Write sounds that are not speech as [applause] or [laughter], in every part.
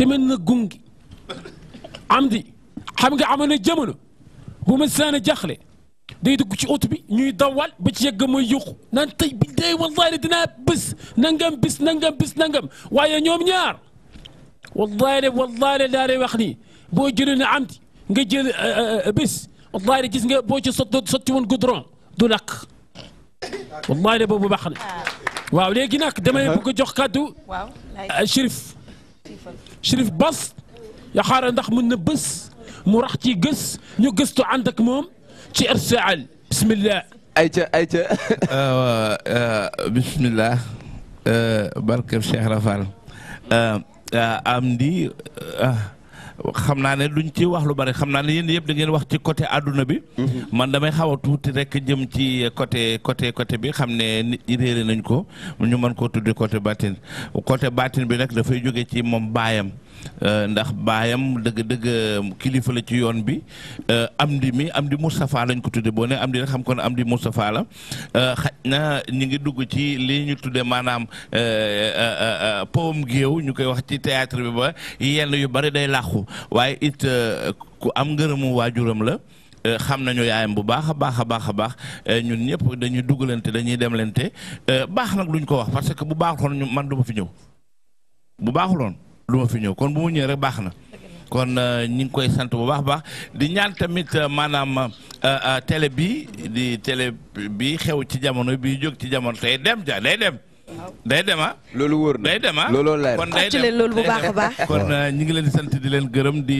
te mën na gungi am di xam nga amoon na jamono bu ma saan a jaxle day dugg ci oto bi ñuy dawal ba ci yegg mooy yuqu naan tey bi day wallahi dinaa bés nangam bés nangam bés nangam waaye ñoom ñaar wallahi wallahi daa lay wax nii boo jëlee ne am di nga jël bés wallahi gis nga boo ci sotti sotti woon goudron du lakk wallahi boobu baax na waaw léegi nag damay bëgg a jox kàddu Chérif شريف بس يا خار عندك من بس مو راح تيقس نقصتو عندك موم تي ارسعل بسم الله ايتا ايتا [laughs] آه، آه، بسم الله آه، بركه الشيخ رفال امدي أه أه أه أه xam naa ne duñ ci wax lu bari xam naa ne yéen yëpp da ngeen wax ci côté àdduna bi. Mm-hmm. man damay xaw a tuuti rek jëm ci côté côté côté bi xam ne nit ñi réere nañ ko ñu mën koo tuddi côté baatin côté baatin bi rek dafay jóge ci moom baayam. Euh, ndax baayam dëgg-dëgg euh, kilifa la ci yoon bi am euh, Amdi mi Amdi Moustapha lañ ko tudde boo ne Amdi rek xam ko ne Amdi Moustapha la xaj na ñu ngi dugg ci li ñu tudde maanaam powum géew ñu koy wax ci théâtre bi ba yenn yu bari day làqu waaye it ku am ngërëmu waajuram la xam nañu yaayam bu baax a baax a baax a baax ñun ñëpp dañuy dugalante dañuy dem demlante baax nag luñ ko wax parce que bu baaxuloon man duma fi ñëw bu baaxuloon du ma fi ñëw kon bu mu ñëwee baax na kon euh, ñi ngi koy sant bu baax baax di ñaan tamit euh, maanaam euh, tele bi di tele bii xew ci jamono bii jóg ci jamono tey dem ja day dem day dem ah. loolu wóor na day dem ah. looloo leer kon day dem [laughs] kon ah, ñu ngi leen di sant di leen gërëm di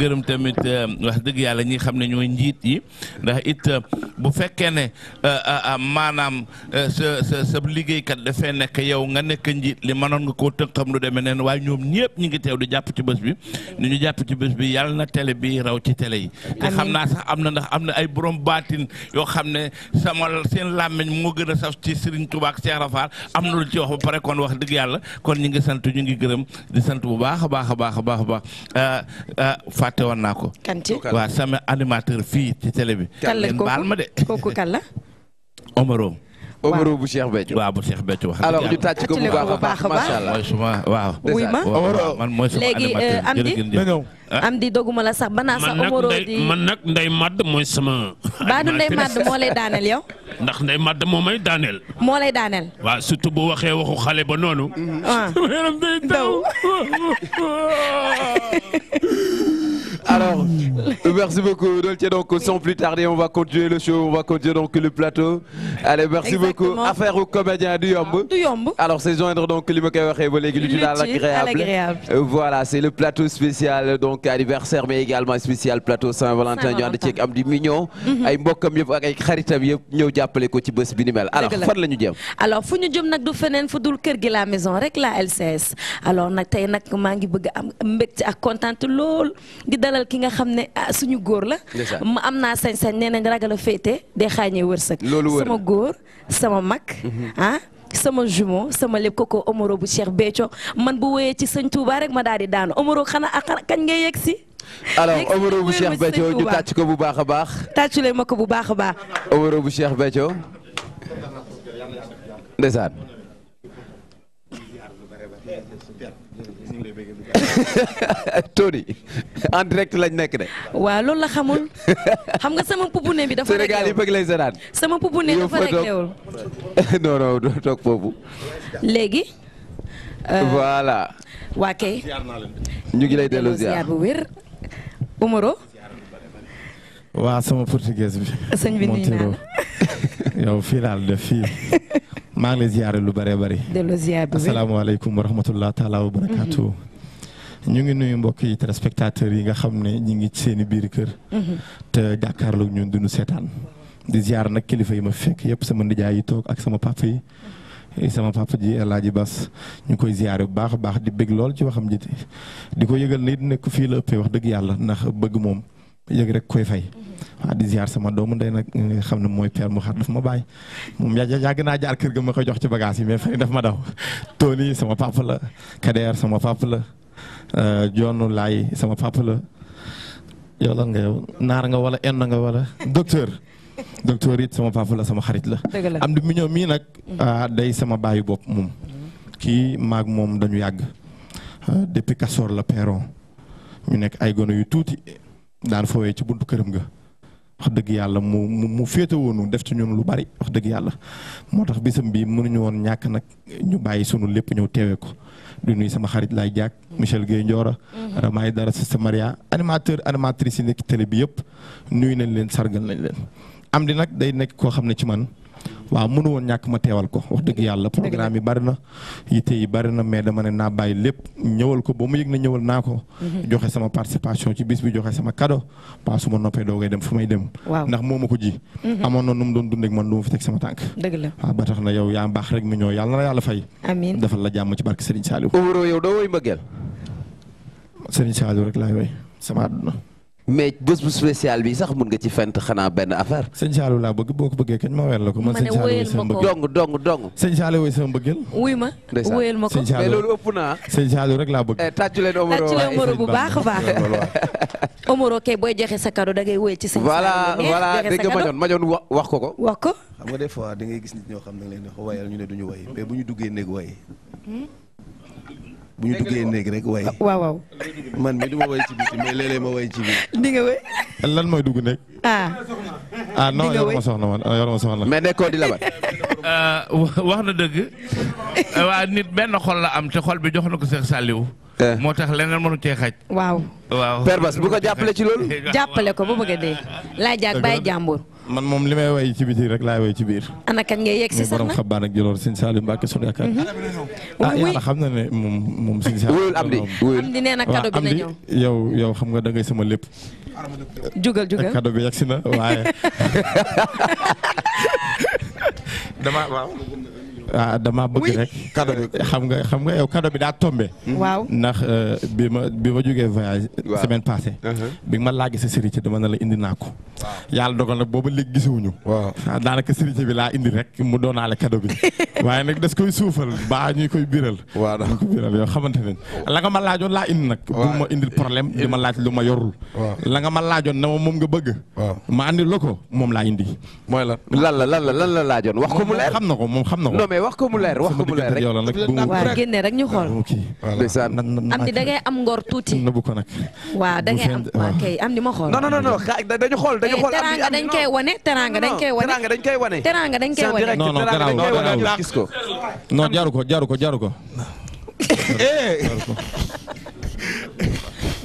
gërëm tamit ah, wax dëgg yàlla ñi xam ne ñoo njiit yi ndax it ah, bu fekkee ne maanaam sa sa sa liggéeykat dafee nekk yow nga nekk njiit li ma mënoon nga koo tënkam lu demee neen waaye ñoom ñëpp ñu ngi teew di jàpp ci bés bi ni ñu jàpp ci bés bi yàlla na télé bi raw ci tele yi. te xam naa sax am na ndax am na ay borom baatin yoo xam ne sama seen làmmiñ moo gën a saf na lu ci wax ba pare kon wax dëgg yàlla kon ñu ngi sant ñu ngi gërëm di sant bu baax a baax a baax a baax a baax euh, euh, woon naa ko. kanti waaw sama animateur fii ci télé bi. kan la ko baal ma de. [laughs] Omaro bu Cheikh Béthio. waaw bu Cheikh Béthio wax alors ñu tàcc ko bu baax a baax macha allah mooy suma waaw. oui ma man mooy suma animateur euh, léegi ah? Amdi doguma la sax banaa sax Omaro di man nag Ndeye Mad mooy sama. baanu Ndeye Mad moo lay daaneel yow. ndax Ndeye Mad moo may daaneel. moo lay daaneel. waaw surtout bu waxee waxu xale ba noonu. ah sama yaram day daw. [laughs] Alors, euh, merci beaucoup, tiens Donc, sans plus tarder, on va continuer le show, on va continuer donc le plateau. Allez, merci beaucoup. Affaire aux comédiens ah, du Yombo. Alors, c'est joindre donc l'agréable. l'agréable. Euh, voilà, c'est le plateau spécial, donc anniversaire, mais également spécial plateau Saint-Valentin. ñu ànd ceeg am du mignon. Mhm. ay mbokkam yëpp ak ay xaritam yëpp ñëw jàppale ko ci bés bi ni mel. alors fan la ñu jëm. alors fu de jëm nag il feneen fu dul kër gi la maison rek la LCS alors nag tey nag maa ngi bëgg am mbégte ak kontaan lool xoolal ki nga xam ne ah, suñu góor la ma am naa sañ-sañ nee nañ ragal a féete day xaañee wërsëg sama góor sama mag mhm. ah, sama jumo sama lépp kooku Omaro bu seex Béthio man bu woyee ci sëñ Touba rek ma daal di daanu Omaro xanaa ah, a kañ ngay yegg si alors Omaro bu Cheikh Béthio ñu tàcc ko bu baax a baax tàcculee ma ko bu baax a baax Omaro bu Cheikh Béthio ndeysaan [laughs] Tony en direct lañ nekk de. waaw loolu la xamul [laughs] xam nga sama pupuné bi dafa réglé lay seetaan. sama pupuné dafa réglé wul. [laughs] non non doo toog foofu. léegi. Euh, voilà. waa kay. ñu ngi lay delloo ziar bu wér. Umaro. waa sama portugais bi. sëñ bi nuyu naa la yow fii laal def fii. maa lay ziare lu bëree bëri. delloo ziar bu wér asalaamaaleykum wa rahmatulah taalaa wa barakaatu. ñu ngi nuyu mbokk yi téléspectateurs yi nga xam ne ñu ngi seen i biir kër. Mm-hmm. te jàkkaarloog ñun du ñu seetaan. di ziar nag kilifa yi ma fekk yëpp sama nijaay yi toog ak sama papa yi. Eh, sama papa ji El Hadj Bas ñu koy ziare bu baax a baax di bég lool ci waxam ji di ko yëgal nit nekk fii la ëppee wax dëgg yàlla ndax bëgg moom yëg rek koy fay. waaw mm-hmm. ah, di ziar sama doomu ndey nag nga eh, xam ne mooy père mu xar daf ma bàyyi moom yaa yàgg naa jaar kër ga ma koy jox ci bagage yi mais fay daf ma daw. [laughs] sama papa la Kader sama papa la. Euh, joonu laay sama papa la yow lan nga yow naar nga wala enn nga wala docteur docteur it sama papa la sama xarit la. am di ñëw mii nag. Mhm. Ah, day sama baayu bopp moom. ki maag moom dañu yàgg. Ah, depuis Castor la Perron ñu nekk ay gone yu tuuti daan fooyee ci buntu këram ga wax dëgg yàlla mu mu mu féete woonu def ci ñun lu bari wax dëgg yàlla moo tax bisam bi mënuñu woon ñàkk nag ñu bàyyi sunu lépp ñëw teewee ko. du nuyu sama xarit lay jàkk Michel Guèye Ndiora mhm. Ramay Dara Sista Maria animateur animatrice yi nekk télé bi yëpp nuy nañ leen sargal nañ leen am di nag day nekk koo xam ne ci man waaw mënu woon ñàkk ma teewal ko wax dëgg yàlla programme yi bari na yitte yi bari na mais dama ne naa bàyyi lépp ñëwal ko ba mu yëg na ñëwal naa ko mhm. joxe sama participation ci bis bi joxe sama cadeau pas su ma noppee doogay dem fu may dem ndax moo ma ko ji mhm. amoon na nu mu doon dundeek man du ma fi teg sama tànk dëgg la ba tax na yow yaa baax rek mu ñëw yàlla na la yàlla fay amiin defal la jàmm ci barke Serigne Saliou Oumaro yow doo woy mbëggeel Serigne Saliou rek laay woy sama àdduna mais bés bu spécial bi sax mun nga ci fent xanaa benn affaire. sëñ Saalum laa bëgg boo ko bëggee kañ ma weer la ko. man sëñ Saalum sama bëgg dong dong dong. sëñ woy sama bëggeel. wuy ma wóyal ma ko mais loolu ëpp naa. sëñ Saalum rek laa bëgg. Eh, tàccu leen Omaro bu baax a baax. [laughs] Omaro kay booy joxe sa kado da ngay wóyal ci sëñ Saalum. voilà voilà dégg nga mañoon mañoon wax ko ko. wax ko. xam nga des fois da ngay gis nit ñoo xam ne leen di wax wayal ñu ne duñu way mais bu ñu duggee néeg way hmm? bu ñu duggee néeg rek way waaw man mi du ma way ci biti mais léeg-léeg ma way ci bi di nga way. lan mooy dugg nekk. ah. ah non yor ma soxna man ah, yor ma soxna. mais nekkoo [laughs] euh, wax na dëgg [laughs] waa nit benn xol la am te xol bi jox na ko Cheikh saliw eh. moo tax leneen mënu cee xaj. waaw. waaw Père Bass bu ko jàppale ci loolu. [laughs] jàppale ko bu bëgg a dee. laay jàpp bàyyi jàmbur. man moom li may way ci biti rek laay way ci biir. ana kañ ngay yegg si sax nag muy borom xabaan ak jëloon sëñ Salim Mbacke mhm. ah, xam na ne moom moom sëñ Salim. wóyul Amdi wóyul kado bi na ñëw yow yow xam nga dangay sama lépp. jugal jugal kado bi yegg si na waaye. [laughs] ah damaa bëgg rek. kado xam nga xam nga yow kado bi da tombé. Mhm. waaw ndax euh, bi ma bi ma jógee voyage. semaine passée. Uh-huh. bi ma laaj sa sëriñ dama ne la indi naa ko. yàlla dogal nag booba léegi gisewuñu. waaw ah, daanaka sëriñ bi laa indi rek mu doonaale kado bi [laughs] waaye nag des koy suufal baa ñuy koy biral. waaw ñu ko biral ne la nga ma laajoon laa indi nag. waaw bu ma indil problème di ma laaj lu ma yorul. la nga ma laajoon na ma moom nga bëgg. ma andil la ko moom laa indi. mooy la lan la lan la lan laajoon wax ko mu xam na ko moom xam na ko. mais wax ko mu leer wax ko mu leer rek waaw génne rek ñu xool. Ah, am ni da ngay am ngor tuuti. waaw da ngay am waaw kay am ni ma xool. non non non dañu xool dañu eh, xool. teraanga dañ koy wane teraanga dañ koy wane. teraanga dañ koy wane. teraanga dañ koy wane. non non garaawul gis ko. non jaaru ko jaaru ko jaaru ko. Eh! [laughs]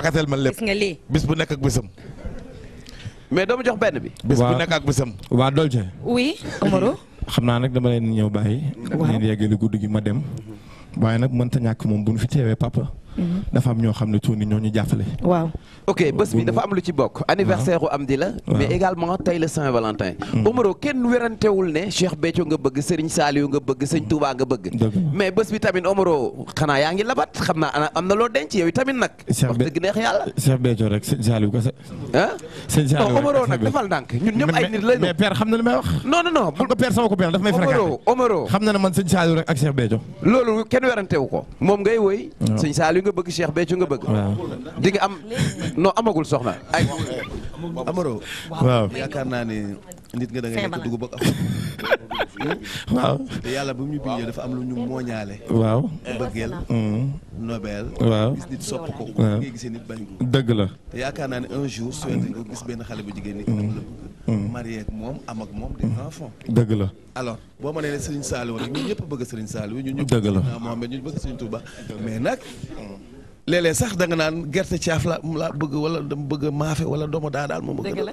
pakatel ma lépp gis bis bu nekk ak bisam. mais doo ma jox benn bi. bu nekk ak bisam. waa Dolce. oui xam naa nag dama leen ñëw bàyyi. waaw leen yeggali guddi gi ma dem. waaye nag mënta ñàkk moom bu fi teewee papa. Mm-hmm. dafa am ñoo xam ne ñoo ñu jàppale. waaw ok bés bi dafa am lu ci bok anniversaire am di la. mais également tay le Saint-Valentin. Mm. Omaro kenn werantewul né Cheikh Béthio nga bëgg Serigne Saliou nga bëgg Serigne mm. Touba nga bëgg. mais bés bi tamit Omaro xana yaa ngi labat xamna naa am na loo denc yow tamit nak wax deug neex yalla Cheikh Béthio rek Serigne Saliou kese. hein Serigne Saliou Omaro nak defal dank ñun ñëpp ay nit la mais père xamna limay wax. non non non bu ko père sama ko père daf may fréquenté. Omaro xamna na man Serigne Saliou rek ak Cheikh Béthio. loolu kenn werantewu mom ngay woy Serigne Saliou yu nga bëgg Cheikh Béthio nga bëgg. di nga am non amagul soxna ay. amaro waaw yaakaar naa ni. nit nga danga ngay lekk dugub ak [laughs] waaw te yàlla bu ñu bindee dafa am lu ñu mooñaale waaw bëggeel mm. nobel waaw gis nit sopp ko ngay gisee nit bañ ko dëgg la te yaakaar naa ne un jour souhaité nga gis benn xale bu jigéen ni am mm. Mm. moom am ak moom des enfants dëgg la alors boo ma nee ne Serigne Saliou rek ñun ñëpp bëgg Serigne Saliou ñu ñëpp bëgg naa Mohamed ñun bëgg Serigne Touba mais nag léeg sax danga naan gerte caaf la la bëgg wala dama bëgg a wala doomu daa daal moom bëgg la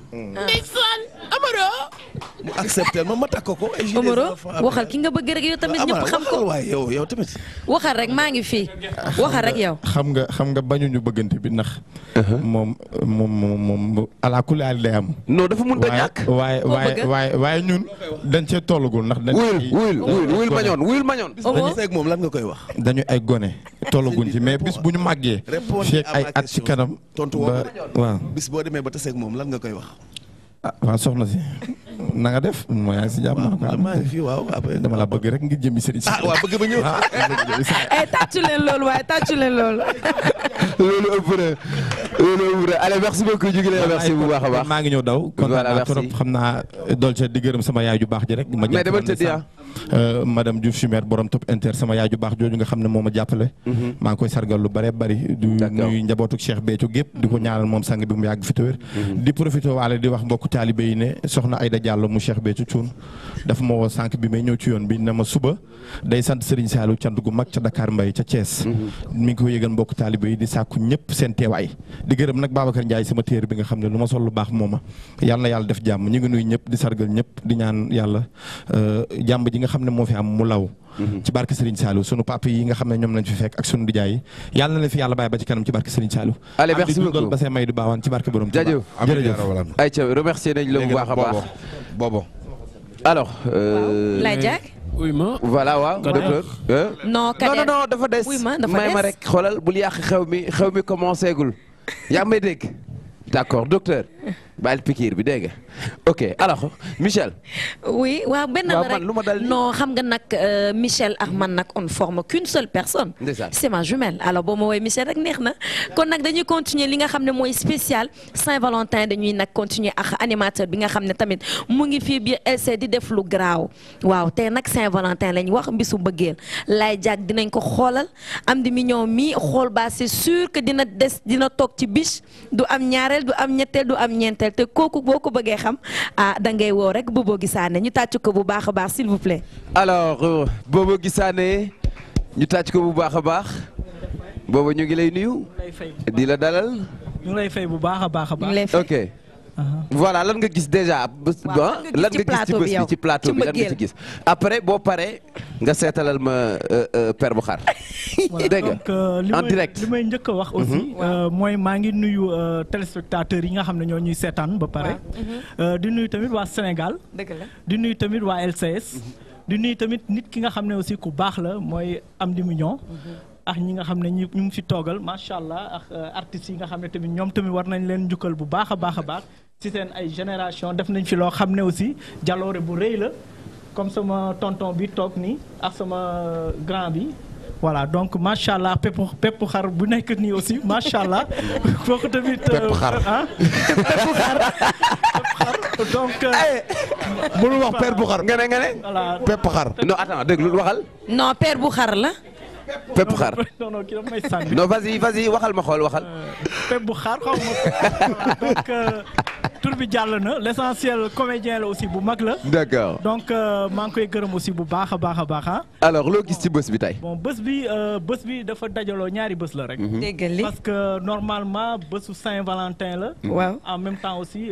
Mm. ndeysaan Amaro mu accepté ma ma takk ko Amaro waxal ki nga bëgg rek yow tamit ñëpp xam ko waaye yow yow tamit waxal rek maa ngi fii waxal rek yow xam nga xam nga bañuñu bëggante bi wai wai wai wai ala kulli aal day am non dafa mënta ñàkk waaye waaye waaye waaye ñun dañ cee tollagul ndax dañ wuyul wuyul wuyul wuyul mañoon wuyul mañoon dañu seeg moom lan nga koy wax dañu ay gone tollaguñ ci mais bis bu ñu màggee fekk ay at ci kanam tontu woo waaw bis boo demee ba taseeg moom lan nga koy wax ah waaw soxna si na nga def mooy yaa ngi si jàmm. waaw maa ngi fi waaw dama la bëgg rek ngir jëmmi sëriñ si. ah waaw ñëw ah. ay eh, tàccu leen loolu waaye tàccu leen loolu. loolu ëpp na a baax. ngi ñëw daw. voilà merci xam naa Dolce di gërëm sama yaay ju baax ji rek. ma mais dama tëdd yaa. Ah. Euh, madame Diouf Chimère borom top inter sama yaay ju baax jooju nga xam ne moo ma jàppale. Mhm. maa ngi koy sargal lu bare bari. du nuyu njabootuk Cheikh Béthio gépp di ko ñaanal moom sang bi mu yàgg fi mhm. di profité waale di wax mbokk taalibe yi ne soxna ay Ayda Diallo mu Cheikh Béthio Thioune dafa ma woo sànq bi may ñëw ci yoon bi na ma suba day sant Serigne Saliou cant gu mag ca Dakar mbay ca Thiès. Mhm. mi ngi ko yëgal mbokk taalibe yi di sàkku ñëpp seen teewaay di gërëm nag Babacar Ndiaye sama téer bi nga xam ne lu ma sol lu baax mooma yàlla na yàlla def jàmm ñu ngi nuyu ñëpp di sargal ñëpp di ñaan yàlla euh, jàmb ji nga xam ne moo fi am mu law ci barke Serigne Saliou sunu yi nga allez merci beaucoup alors euh, d'accord docteur [laughs] Baal pikir bi dégg ok alors Michel. oui wa ben non xam euh, Michel ak on forme qu'une seule personne. c'est ma jumelle alors Michel rek kon nak dañuy continuer li nga spécial Saint-Valentin dañuy nak continuer ak animateur bi nga xamné tamit mu ngi Saint-Valentin lañ wax mbisu bëggel lay dinañ ko am di mi ba c'est sûr que dina dess dina tok ci du am ñaarel du am am ñeenteel te kooku boo ko bëggee xam ah da ngay woo rek Bobo Guissané ñu tàcc ko bu baax a baax s'il vous plaît. alors euh, Bobo Guissané ñu tàcc ko bu baax a baax boobu ñu ngi lay nuyu. di la dalal. ñu lay fay bu baax a baax a baax. ok. Uh-huh. voilà lan nga gis déjà. lan nga gis ci bi ci plateau bi lan nga ci gis. après boo paree nga seetalal ma per bu xar. dégg nga euh, en direct li may njëkk a wax aussi. Mm-hmm. Euh, mooy maa ngi nuyu euh, téléspectateurs yi nga xam ne ñoo ñuy seetaan ba pare. Mm-hmm. di nuyu tamit waa Sénégal. dëgg di nuyu tamit waa LCS. Mm-hmm. di nuyu tamit nit ki nga xam ne aussi ku baax la mooy am Amdy Mignon. ax ñi nga xam ne ñi ñu fi toogal macha allah ak euh, artistes yi nga xam ne ñoom tamit war nañ leen njukkal bu baax a baax a baax ci seen ay génération def nañ fi loo xam ne aussi jaloore bu rëy la comme sama tonton bi toog nii ak sama euh, grand bi. voilà donc macha allah pepp pepp xar bu nekk nii aussi macha allah [laughs] kooku tamit. Euh, pepp xar ah pepp xar. donc. mënul eh, wax pepp xar nga ne nga ne. voilà bu xar. non attends dégg lu waxal. non pepp xar la. non xar [laughs] non non non vas-y vas-y waxal ma waxal. Euh, bu [laughs] donc euh, tur bi na L'essentiel, comédien aussi bu la. donc euh, man aussi bu hein. alors bi bon bi bi dafa ñaari la rek. Mhm. parce que normalement Saint-Valentin la. Mhm. en même temps aussi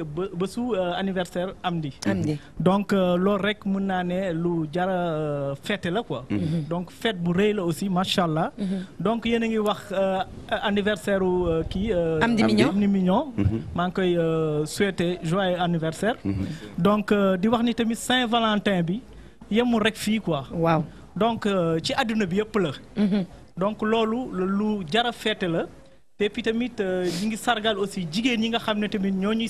anniversaire Amdi. Mhm. Amdi donc lo rek mën lu quoi. donc fête bu aussi macha allah. Mhm. donc yéen ngi wax euh, anniversaire qui euh, kii. Euh, Amdi Mignon Amdi Mignon. Mhm. maa koy souhaiter joyeux anniversaire. Mhm. donc di wax ni tamit Saint-Valentin bi yemul rek fi quoi. waaw donc ci aduna bi yëpp la. donc loolu lu jara a la. te puis tamit ñu ngi sargal aussi jigen yi nga xam tamit ñoo ñuy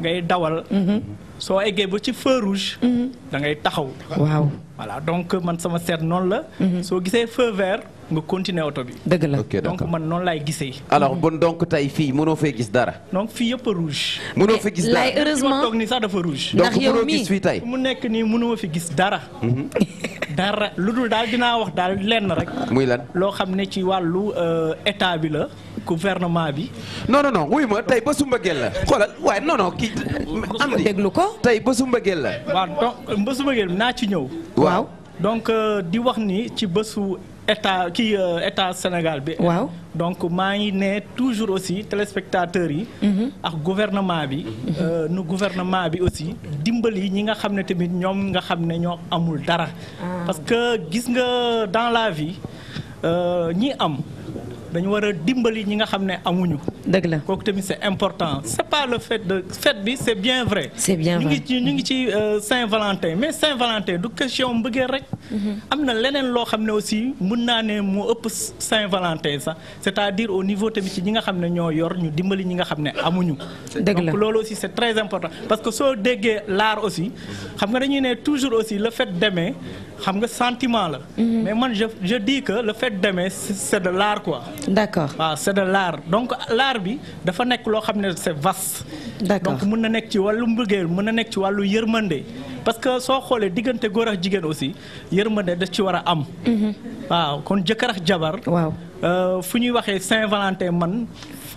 ngay dawal. Mhm. soo eggee ba ci feu rouge. Mhm. da ngay taxaw. waaw voilà donc man sama seet noonu la. Mhm. soo gisee feu vert nga continuer oto bi. dëgg la donc man noonu laay gisee. alors bon donc tey fii mënoo fee gis dara. donc fii yëpp a rouge. mënoo fi gis dara mais heureusement sax dafa rouge. ndax yow mii tey. mu nekk nii mënoo fi gis [laughs] dara. lu dul daal dinaa wax daal lenn rek. muy lan loo xam ne ci wàllu euh, état bi la. gouvernement bi. non non non wuy ma tay ba su mbëggeel la xoolal non non ki am na déglu ko tey ba su la. donc ba su mbëggeel naa ci ñew waaw donc euh, di wax ni ci bésu état kii euh, état Sénégal bi. waaw donc ma ngi né toujours aussi téléspectateurs yi. Mhm. ak gouvernement bi. Mhm. Euh, nous gouvernement bi aussi yi ñi nga xamné tamit ñom nga xamné ño amul dara. Ah. parce que gis nga dans la vie ñi am dañu war a dimbali ñi nga xam ne amuñu. dëgg la kooku tamit c' est important c' est pas le fait de fête bi c' est bien vrai. c' est bien vrai ñu ngi ci ñu ngi ci euh, Saint-Valentin mais Saint-Valentin du question mbëggeel rek. Mm-hmm. am na leneen loo xam ne aussi mun naa ne moo ëpp Saint-Valentin sax c' est à dire au niveau tamit ci ñi nga xam ne ñoo yor ñu dimbali ñi nga xam ne amuñu. dëgg la donc loolu aussi c' est très important parce que soo déggee l'art aussi xam nga dañuy ne toujours aussi le fait d'aimer xam nga sentiment la. Mm-hmm. mais man je je dis que le fait d'aimer c'est de l'art quoi d'accord waaw c'est de l'art donc l'art bi dafa nekk loo xam ne c'est vaste. d'accord donc mën na nekk ci wàllu mbëggeel mën na ci wàllu yërmande parce que soo xoolee diggante góor ak aussi yërmande da ci war a am. Mhm. waaw kon jëkkër jabar. waaw euh, fu ñuy waxee Saint-Valentin man.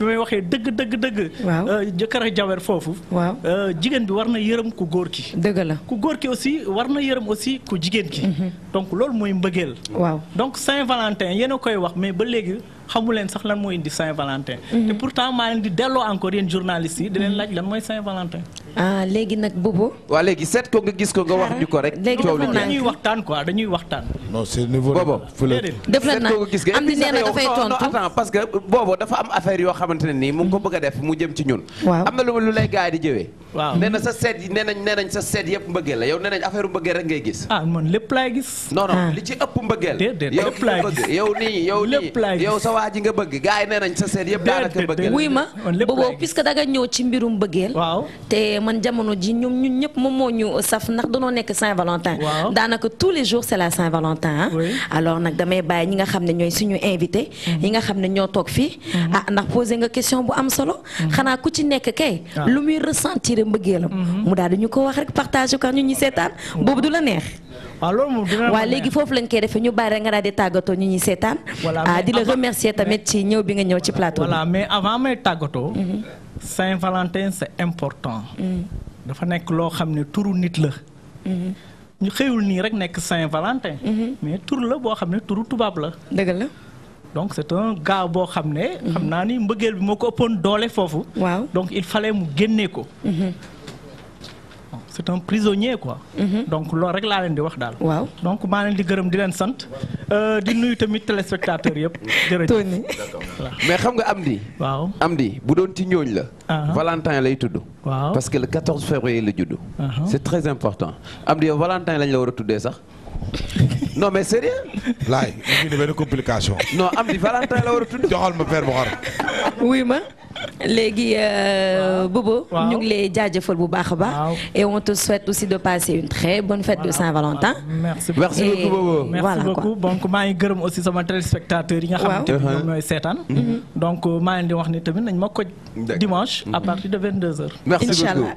bi may waxee dëgg dëgg dëgg. waaw euh, jëkkër ak jabar foofu. waaw euh, jigéen bi war na yërëm ku góor ki. dëgg la ku góor ki aussi war na yërëm aussi ku jigéen ki. Mhm. donc loolu mooy mbëggeel. waaw donc Saint-Valentin yéen a koy wax mais ba léegi xamu leen sax lan moo indi Saint-Valentin. Mhm. te pourtant maa leen di delloo encore yéen journalistes yi. di leen mhm. laaj lan mooy Saint-Valentin. ah léegi nag Bobo. waa léegi seet ko nga gis ko nga wax ñu ko rek. léegi dafa naan dañuy waxtaan quoi dañuy waxtaan. non c'est niveau Bobo. def la naan am na nee dafay tontu attends parce que Bobo dafa am affaire yoo xamante ne nii mu ngi ko bëgg a def mu jëm ci ñun. waaw am na lu lay gaay di jëwee. waaw nee na sa seet yi nee nañ nee nañ sa seet yëpp mbëggeel la yow affaire mbëggeel rek ngay gis. ah man lépp laay gis. non non ah. li ci ëpp mbëggeel. déedéet lépp laay gis yow ni. yow nii yow sa waa ji nga bëgg gars yi nee nañ sa seet yëpp daanaka mbëggeel. wuy ma booboo puisque danga ñëw ci mbirum mbëggeel. waaw te man jamono ji ñoom ñun ñëpp moom moo ñu saf ndax danoo nek Saint-Valentin. waaw daanaka tous les jours c'est la Saint-Valentin ah. alors nag damay bay ñi nga xam ne ñooy suñu invité. Mhm. ñi nga xam ne ñoo toog mhm. ah nak posé nga question bu am solo. Mhm. xanaa ku ci nekk kay ah. lu muy ressentir dëgg mbëggeelam mhm. mu daal ko wax rek partage ko ñu ñi seetaan boobu du la neex waaw loolu moom dina waaw léegi foofu lañ koy defee ñu bàyyi rek nga daal di tàggatoo ñu ñuy seetaan ah di la remercier tamit ci ñëw bi nga ñëw ci plateau voilà mais avant may tàggatoo mhm. Saint-Valentin c'est important mhm. dafa nekk loo xam ne turu nit la ñu xëyul nii rek nekk Saint-Valentin mais tur la boo xam ne turu tubaab la dëgg la donc c'est un gars bo xamné xamna ni mbëggeel bi moo ko ëppoon fofu donc il fallait mu génnee ko. Mhm. c'est un prisonnier quoi. Mhm. donc lo rek la len di wax dal donc maa len di gërëm di sante euh di nuyu tamit téléspectateurs yëpp. [laughs] jërëjëf mais xam nga Amdi amdi, amdi, bu doon ci ñooñ la. Ah. Valentin lay tudd. waaw parce que le 14 février la judd. Ah. c'est très important Amdi, Valentin lañ la wara tuddé sax non mais sérieux il y a une complication non il y Valentin la a tudd joxal ma père bu oui euh, Bobo Nous sommes lay jaajëfal bu et on te souhaite aussi de passer une très bonne fête de Saint-Valentin merci beaucoup Bobo merci beaucoup donc moi, je gërëm aussi sama spectateur yi nga a mm-hmm. mm-hmm. donc je euh, ngi di wax ni dimanche à mm-hmm. partir de 22h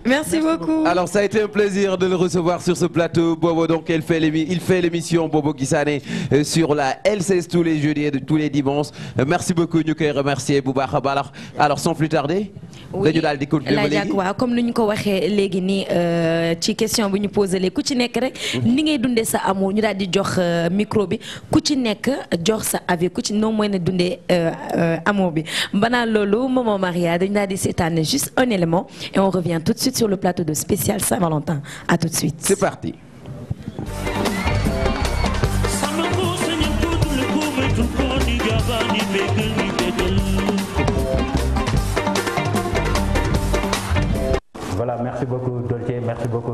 merci beaucoup alors ça a été un plaisir de le recevoir sur ce plateau Bobo donc il fait l'émission l'émission Bobo Guissane euh, sur la L16 tous les jeudis et tous les dimanches euh, merci beaucoup Nous koy remercier Bouba baax alors sans plus tarder. dañu di comme nous ñu dit, les léegi nii euh, ci question bi ñu posé léegi ku ci nekk rek. Mhm. ni ngay dundee sa amour ñu daal di jox micro bi ku ci nekk jox sa avis ku ci amour bi maman Maria dañu daal di juste un élément et on revient tout de suite sur le plateau de spécial Saint-Valentin à tout de suite. c'est parti. merci beaucoup Dolce merci beaucoup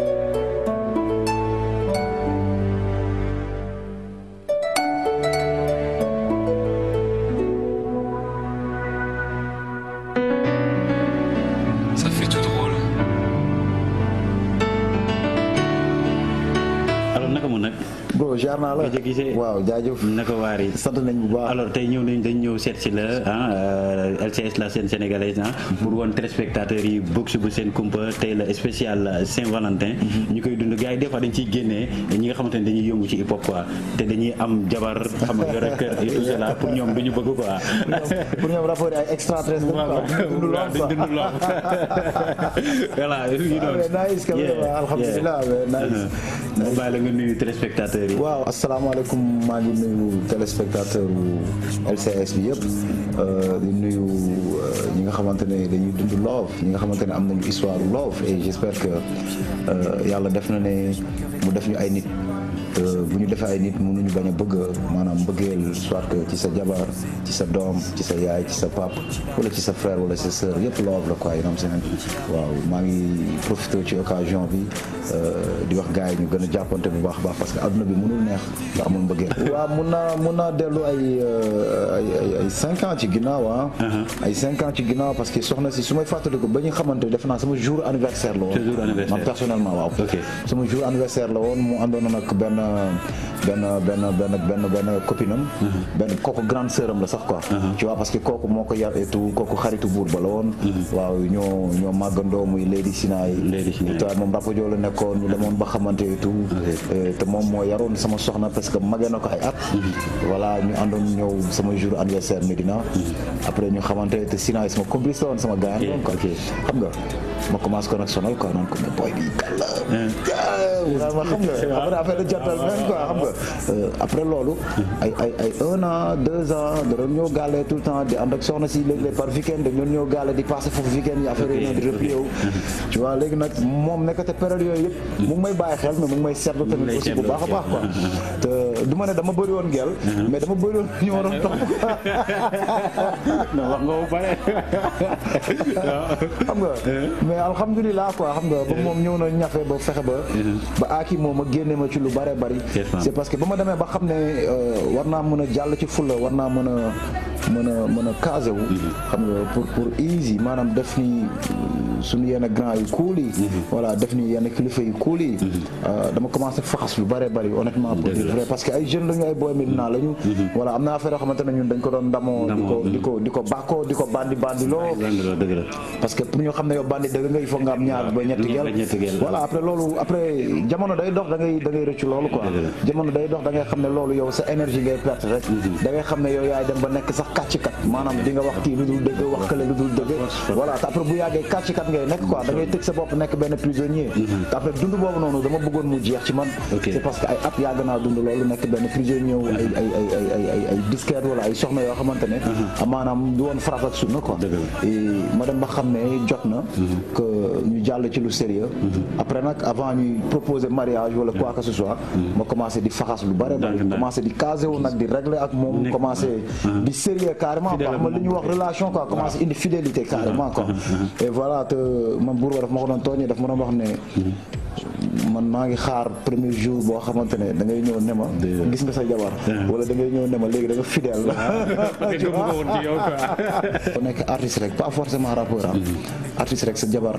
ziar naa la gëj gisee waaw jaajëf naka waar yi sant nañ bu baax alors tey ñëw nañ dañ ñëw seet si la ah euh, LCS la seen sénégalaise ah mhm. pour woon téléspectateurs yi boxe bu seen kumpa tey la spécial Saint-Valentin mhm. ñu koy dund gars yi des fois dañ ciy génnee ñi nga xamante ne dañuy yëngu ci hip hop quoi te dañuy am jabar xam nga yore kër et tout cela pour ñoom duñu ñu ko quoi pour ñoom rapport yi ay extraterrestre dund lool dañ dund lool [laughs] ah, [laughs] nga nuyu téléspectateurs yi waaw asalaamaaleykum maa ngi nuyu téléspectateur u LCS bi yëpp euh, di nuyu euh, ñi nga xamante ne dañuy dund love ñi nga xamante ne am nañu histoire love et j'espère que euh, yàlla def na ne mu def ñu ay nit bu ñu defee ay nit mënu ñu baña bëgg manam bëggel soit que ci sa jabar ci sa dom ci sa yaay ci sa pap wala ci sa frère wala ci sa sœur yépp love la quoi ñom seen waaw ma ngi profité ci occasion bi euh di wax gaay ñu gëna a bu baax baax parce que aduna bi mënul neex nga amul bëggel waaw mëna mëna mun euh, ay ay ay 5 ans ci ginaaw ha ah. uh-huh. ay 5 ans ci ginaaw parce que soxna ci sumay may ko bañu xamanté def na sama jour anniversaire lo jour anniversaire man personnellement waaw sama jour anniversaire la won mu àndoon nak benn benn benn benn benn benn copine am. Uh-huh. benn kooku grande sœur la sax quoi. Uh-huh. tu vois parce que kooku moo ko yar et tout kooku xaritu buur ba la woon. Uh-huh. waaw ñoo ñoo màggandoo muy Lady Sinaay. Lady Sinaay te moom Rapajoo la nekkoon ñu demoon ba xamante et tout. Euh, te moom moo yaroon sama soxna parce que magee na ko ay at. voilà ñu àndoon ñëw sama jour anniversaire Medina. après ñu xamante te Sinaay sama complice la woon sama gars. ok xam nga. ma commencé ko nag sonal quoi donc mais booy bi kàlla. waaw waaw xam nga euh, après loolu. ay ay ay un an deux ans da doon ñëw gàllee tout le temps di ànd ak soxna si léeg-léeg par weekend dañu doon ñëw di passé foofu weekend yi affaire yooyu di replié wu. tu vois léegi nag moom nekkate période yooyu yëpp. mu may bàyyi xel mais mu ngi may seetlu tamit aussi bu baax a baax quoi. te du ne dama bëri woon gel. Uh-huh. mais dama bëri woon [laughs] ñu waroon topp. [laughs] non wax nga bu pare. [laughs] xam nga. Uh-huh. mais alhamdulilah quoi xam nga ba moom ñëw na ñafe ba fexe ba ba aaki moom a génne ma ci lu bare bari c'est parce que ba ma demee ba xam ne euh, war naa mën a jàll ci fulla war naa mën a mën a mën a casewu mm-hmm. xam nga pour pour easy maanaam def ni sunu yenn grand yu cool yi mhm. voilà def ni yenn kilifa yu cool yi mhm. euh, dama commencé faxas lu bare bare honnêtement pour dire vrai parce que ay jeune lañu ay boy Médina lañu mhm. voilà amna affaire yoo xamante ñun dañ ko doon damo diko diko diko bako diko bandi bandi lo parce que pour ñu xam yo bandi deug nga il faut nga am ñaar ba ñetti gel voilà après lolu après jamono day dox da ngay da ngay reccu lolu quoi jamono day dox da ngay xam lolu yow sa énergie ngay perte rek da ngay xam yow yaay dem ba nek sax katch kat manam di nga wax ki lu dul dëgg wax kala lu dul dëgg voilà après bu katch kat ngay nekk quoi da ngay tek sa bop nek ben prisonnier te mhm. après dund boobu noonu dama bëggone mu jeex ci man c'est parce que ay at ya naa dund loolu nek ben prisonnier wu ay ay ay ay ay ay ay disquette wala ay soxna yo xamantene manam mhm. ah, du won farata ak sunna quoi et ma dem ba xam jotna mhm. que ñu jall ci lu sérieux après nak avant ñu proposer mariage wala quoi que ce soit ma commencé di faxas lu bare bari commencé di caser wu nag di régler ak mom commencé di sérieux carrément ba ma lu ñu wax relation quoi commencé indi fidélité carrément quoi et voilà te man buur ba daf ma ko doon tooñee daf ma doon wax ne. man maa ngi xaar premier jour boo xamante ne da ngay ñëw ne ma gis nga sa jabar ah. wala dangay ñëw ne ma léegi da nga fidèle ah. la [laughs] [laughs] nekk artiste rek pas forcément rappeur am ah. mm-hmm. artiste rek sa jabar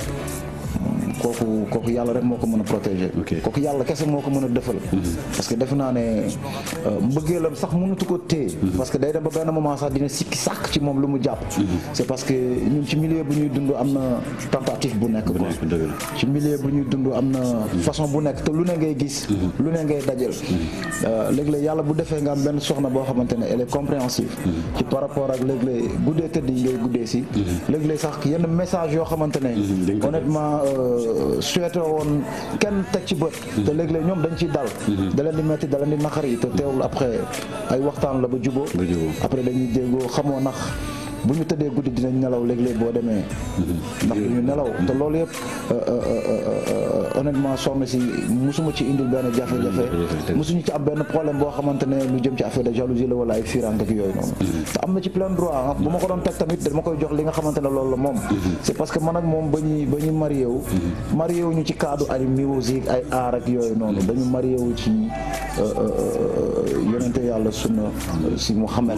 kooku kooku yàlla rek moo ko mën a protéger kooku yàlla kese moo ko mën a dëfal mhm. parce que defe naa ne euh, mbëggeelam sax mënatu ko téye mhm. parce que day dem ba benn moment sax dina sikki sàkk ci moom lu mu jàpp mhm. c'est parce que ñun ci milieu bu ñuy dund am na tentative bu nekk ko ci milieu bu ñuy dund am na façon bu nekk te lu ne ngay gis lu ne ngay dajal euh, léeg-léeg yàlla bu defee nga am benn soxna boo xamante ne elle est compréhensive ci par rapport ak léeg-léeg guddee tëdd yi si léeg-léeg suéter won kenn tek ci bët mhm. te léeg-léeg ñom dañ ci dal mhm. da leen di metti da leen di nakari te teewul après ay waxtaan la ba juboo après dañuy déggo xamoo nax bu ñu tëddee guddi dinañ nelaw léeg-léeg boo demee mm-hmm. ndax du ñu nelaw te loolu yëpp euh, euh, euh, honnêtement soxna si mosuma ci indil benn jafe-jafe mosuñu mm-hmm. ci ab benn problème boo xamante ne lu jëm ci affaire de jalousie la wala ay fiirang ak yooyu noonu mm-hmm. te am na ci plan droit ah. bu ma ko doon teg tamit dama koy jox li nga xamante ne loolu la moom c'est parce que man ak moom ba ñuy ba ñu marié wu marié wu ñu ci cadre ay musique ay art ak yooyu noonu dañu marié wu ci Euh, yonente yalla sunna euh, si Muhammad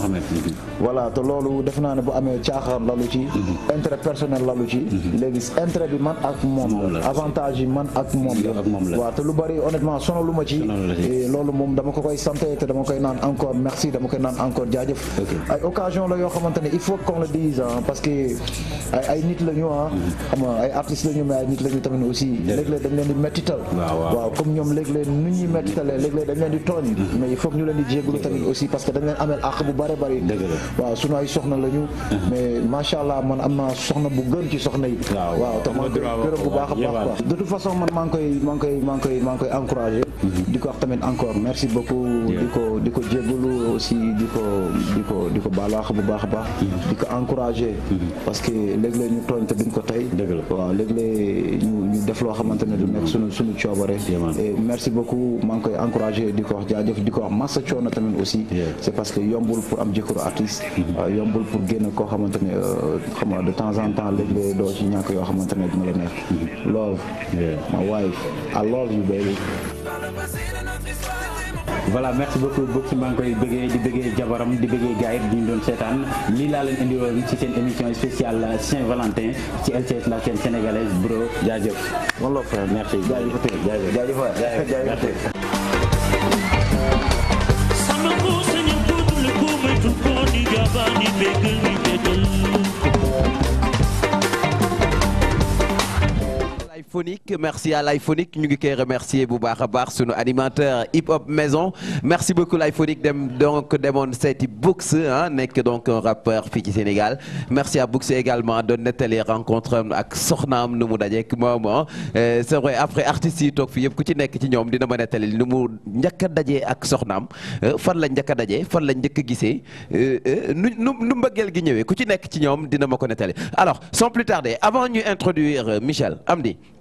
voilà te loolu def na ne bu amee caaxaan lalu ci mhm. intérêt personnel lalu ci mhm. léegi intérêt bi man ak moom avantage yi man ak moom wa te lu bari honnêtement sonalu ma ci loolu mom dama ko koy santé te dama koy nane encore merci dama koy nane encore jaajëf ay occasion la yo xamantene il faut qu'on le dise hein, parce que ay nit la ñu ah hein. mhm. xam nga ay artistes la ñu mais ay nit la ñu tamit aussi léeg-léeg dañ leen di méttital waaw comme ñom léeg-léeg nu ñuy méttitalee léeg-léeg dañ leen di tooñ mais il faut ñu leen di jégalu tamit aussi parce que dañ leen ameel àq bu bare bari waaw sunu ay soxna la ñu uh-huh. mais macha allah man am naa soxna bu gën ci soxna yi waaw te maa ngi bu baax a baax quoi de toute façon man maa ngi koy maa ngi koy maa ngi koy maa ngi koy encouragé uh-huh. di ko wax tamit encore merci beaucoup di ko di ko jégalu aussi di ko di ko di ko baalaax bu baax a baax uh-huh. di ko encouragé parce que léeg-léeg ñu tooñ te duñ ko tey waaw léeg ñu def loo xamante ne du nekk sunu sunu coobare merci beaucoup maa ngi koy encouragé di ko wax jaajëf di ko wax massa aussi c'est parce que yombul pour am artiste mm-hmm. euh, yombul pour génn euh, de temps en temps les léeg ci mm-hmm. love my wife I love you baby voilà merci beaucoup beaucoup maa koy bëggee di jabaram di gars émission spéciale Saint-Valentin ci la chaîne sénégalaise bro merci Mwen kousen yon koutou le kou mwen l'iPhonique merci à l'iPhonique ñu ngi koy remercier bu baax a baax sunu animateur hip hop maison merci beaucoup l'iPhonique dem donc demoon seeti Books n'est hein, nekk donc un rappeur fii ci Sénégal merci à Books également de nettali les rencontres ak soxnaam nu mu dajeek hein. euh, c'est vrai après artiste, yi toog fii yëpp ku ci nekk ci de dina ma nettali nu mu njëkk a ak soxnaam euh, fan la njëkk a fan la njëkk a gisee euh, nu nu mbëggeel gi ñëwee ku ci nekk ci ñoom dina ma alors sans plus tarder avant ñu introduire Michel Amdi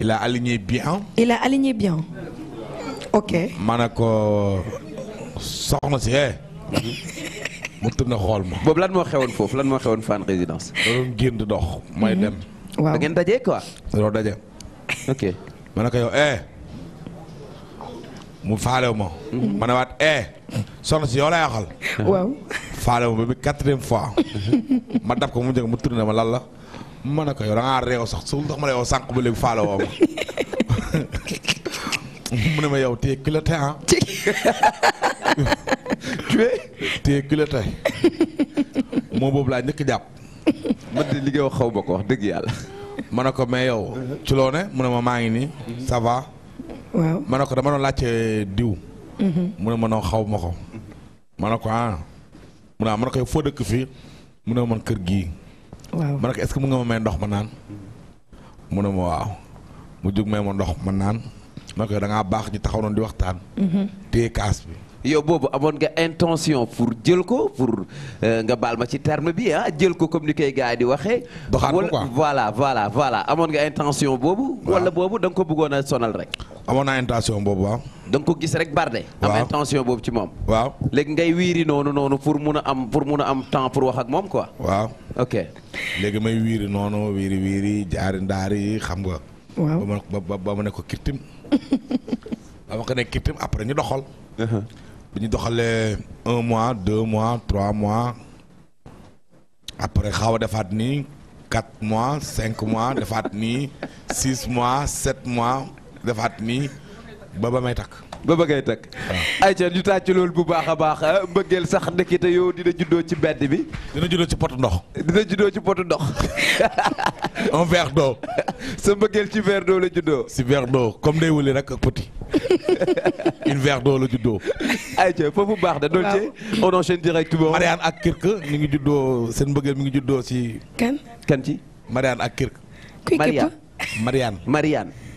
Il a aligné bien. Il a aligné bien. Ok. Manako soxna si eh. mu ma. Je suis moi lan fan résidence. On dox. may dem. Mhm. da Je quoi. un ok. Manako eh. mu faalew ma. Moi, mhm. eh. soxna si waxal. waaw. quatrième fois. [laughs] ma ko mu mu tourné ma ma ne ko yow da reew sax su tax ma reew sànq ba léegi faalo woo ma [laughs] mu ne ma yow téye culotté ah. téye culotté moo boobu laa njëkk jàpp. man de liggéey xaw ma ko wax dëgg yàlla. ma ne ko mais yow. ci loo ne mu ne ma maa ngi nii. ça va. waaw ma ne ko dama doon laajte diw. Mm-hmm. mu ne ma noo xaw ma ko. mën ne ko ah. mu ne ah ma ne ko foo dëkk fii mu ne man kër gii. waaw a ne ko est mu nga ma may ndox ma naan mu ma waaw mu jug may ma ndox ma naan ma ne ko baax ñu taxaw noonu di waxtaan. Mhm. téye kaas bi. yow boobu amoon nga intention pour jël ko pour euh, nga baal ma ci terme bi ah jël ko comme ni koy gars yi di waxee. doxaat ko voilà voilà voilà amoon nga intention boobu. wala boobu danga ko bëggoon a sonal rek. amoon naa intention boobu waaw. da ko gis rek Bardé. am intention boobu ci moom. waaw léegi ngay wiiri noonu noonu pour mun a am pour mun a am temps pour wax ak moom quoi. waaw ok. léegi may wiiri noonu wiiri wiiri jaari ndaari xam nga. waaw ba ma ba ne ko kirtim. [laughs] ba ma ko ne kirtim après ñu doxal. Uh-huh. un mois deux mois trois mois après quatre mois cinq mois de six mois sept mois ba ba may takk. ba ba ngay takk. waaw ah. ayca ñu tàcc loolu bu baax a baax ah, mbëggeel sax ndekete yow dina juddoo ci bedd bi. dina juddoo ci potu ndox. dina juddoo ci potu ndox. [laughs] un verre d'eau. sa mbëggeel ci verre doo la juddoo. si verre doo comme day wuli rek ak petit. [laughs] une verre d'eau la juddoo. ayca foofu baax da dool ci on enchaîne direct boobu. Marianne ak Kirk ñu ngi juddoo seen mbëggeel mi ngi juddoo si. kenn kenn ci. Marianne ak Kirk. kuy Marianne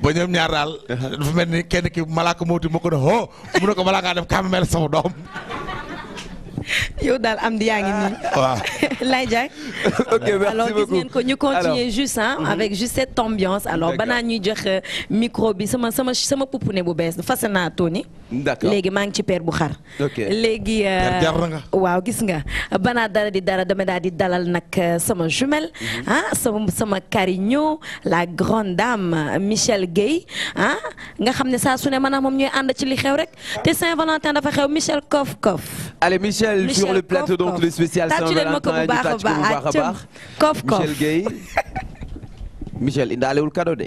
ba ñoom ñaar daal. Uh-huh. dafa melni kenn ki malaka mooti moo do ne mu ne ko balaa def kaa mel sama doom. yow daal am di yaa ngi nii. Ah, waaw Laye [laughs] [laughs] ok merci beaucoup alors gis ngeen ko ñu continuer juste ah. avec juste cette ambiance alors bana ñuy jox euh, micro bi sama sama sama pupu ne bu bees fas naa Tony d'accord léegi maa ngi ci peer bu xar. ok léegi. Euh, waaw gis nga. banaa dara di dara dama daal di dalal nag euh, sama jumelle. Mhm. ah sama sama cariño la grande dame Michel Guèye ah nga xam ne saa su ne maanaam moom ñuy ànd ci li xew rek te Saint-Valentin fa xew Michel Kof Kof. allez Michel sur le plateau donc le spécial Saint-Valentin di bu baax a baax Kof Kof Michel [laughs]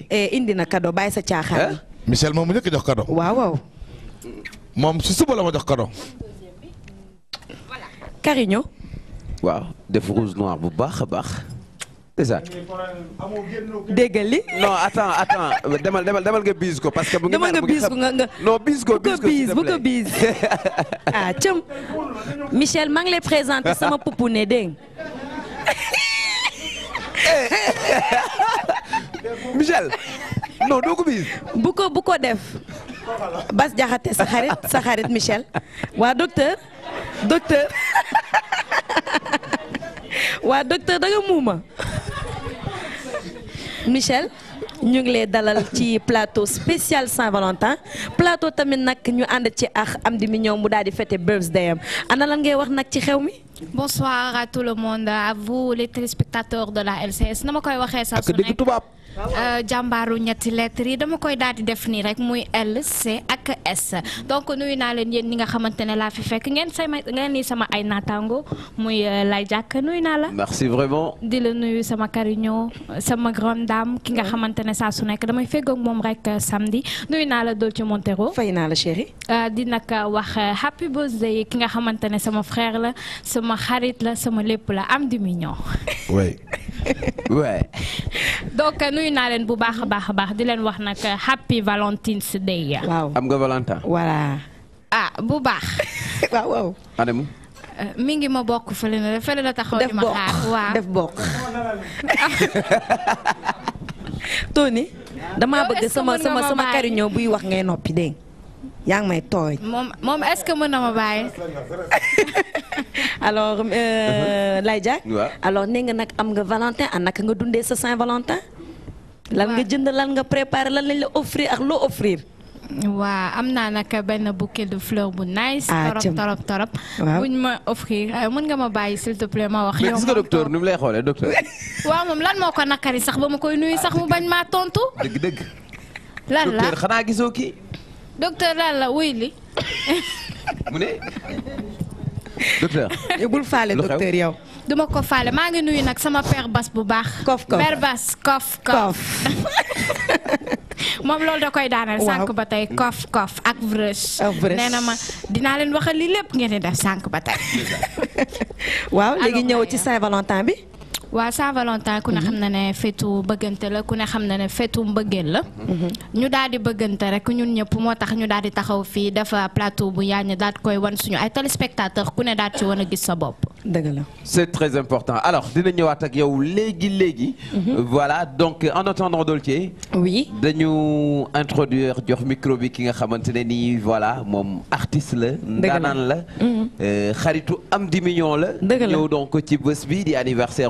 eh, na cadeau bàyyi sa caaxaan. Eh? Michel moom mu waaw. moom si suba la ma jox Carigno. waaw def rouge noir vous baax C'est ça. non attends attends demal demal demal nga demandez ko parce que. nga non bise ko ah Michel manque les lay pour sama né eh. [laughs] Michel. non non ko non, Beaucoup, beaucoup Bas Jaxate sa xarit sa Michel Wa docteur docteur Wa docteur da nga Michel ñu ngi lay dalal ci plateau spécial Saint-Valentin plateau tamit nag ñu ànd ci ak am di mu daal di fêter birthday am ana lan ngay wax nag ci bonsoir à tout le monde à vous les téléspectateurs de la LCS na ma koy waxee Euh, jàmbaaru ñetti lettres yi dama koy daal di def nii rek muy L C ak S donc nuyu naa leen yéen ñi nga xamante ne laa fi fekk ngeen sama ni sama ay naataango muy euh, lay jàkk nuyu naa la. merci vraiment. di la nuyu sama cariño sama grande dame ki nga xamante ne saa su nekk damay fegook moom rek euh, samedi nuyu naa la dool Dolce Montero. fay naa la chérie. di nag wax happy birthday ki nga xamante ne sama frère la sama xarit la sama lépp la am di mignon. oui [laughs] nuyu naa leen bu baax a baax a baax di leen wax nag euh, happy Valentine's Day. am nga Valentin. voilà. ah bu baax. [laughs] waaw waaw. Adama. Euh, mi ngi ma bokk fële na fële na taxaw def bokk [laughs] Tony damaa bëgg sama sama sama kariñoo buy wax ngay noppi dégg yaa ngi may tooy. moom est-ce que mën na ma bàyyi. [laughs] alors euh, uh-huh. Lay Diack alors nee nga nag am nga Valentin an ah, naka nga dundee sa Saint-Valentin. lan nga jënd lan nga préparé lan lañ la offrir ak loo offrir. waa am naa nag na bouquet de fleurs bu nice. Ah, torop torop torop buñ ma offrir euh, mën nga ma bàyyi s'il ma wax. yow gis nga docteur ni mu lay xoolee docteur. [laughs] waaw moom lan moo ko nakari sax ba ma koy nuyu sax mu bañ maa tontu. dëgg dëgg. lan la docteur xanaa gisoo kii. docteur lan la wuy li. mu ne. [laughs] docteur. bul faale docteur yow. duma ko faale maa ngi nuyu nag sama per bass bu baax. kof kof père kof kof. [laughs] moom loolu da koy daaneel. sànq ba tey kof kof ak vrëch. ak vrëch na ma dinaa leen waxal lii lépp ngeen di def sànq ba tey. [laughs] waaw léegi ñëw ci saint bi. wa Saint-Valentin ku ne xam ne fetu beugante la ku ne xam ne fetu mbeugel la. Mm-hmm. ñu daldi beugante rek ñun ñëpp motax ñu daldi taxaw fi dafa plateau bu yaañu daal koy wan suñu ay téléspectateurs ku ne daal ci wan a gis sa bop dëgg la c'est très important alors dina ñëwaat ak yow légui légui mm-hmm. voilà donc en attendant Dolce. oui dañu introduire jox micro bi ki nga xamantene ni voilà mom artiste la. ndaanaan la mm-hmm. euh, xaritu am dimignon la. dëgg donc ci bëss bi di anniversaire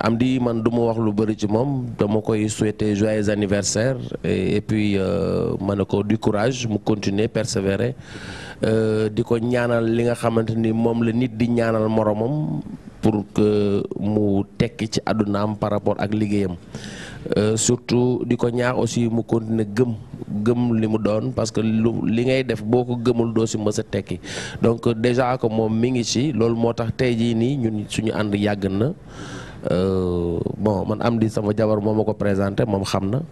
am di man du ma wax lu bëri ci moom dama koy souhaiter joyeux anniversaire et, et puis euh, ma ne ko du courage mu continuer persévérer euh, di ko ñaanal li nga xamante ni moom la nit di ñaanal moromam pour que mu tekki ci àddunaam par rapport ak liggéeyam euh, surtout di ko ñaax aussi mu continuer gëm gëm li mu doon parce que lu li ngay def boo ko gëmul doo si mës tekki donc déjà ko moom mi ngi ci loolu moo tax tey jii nii ñun suñu ànd yàgg na. Euh, bon man am di sama jabar moo ma ko présenté moom xam na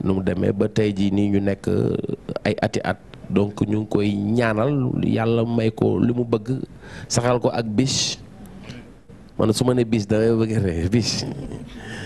nu mu demee ba tey jii nii ñu nekk euh, ay ati at donc ñu ngi koy ñaanal yàlla may ko li mu bëgg saxal ko ak biche man su ma ne biche damay bëgg ree biche [laughs]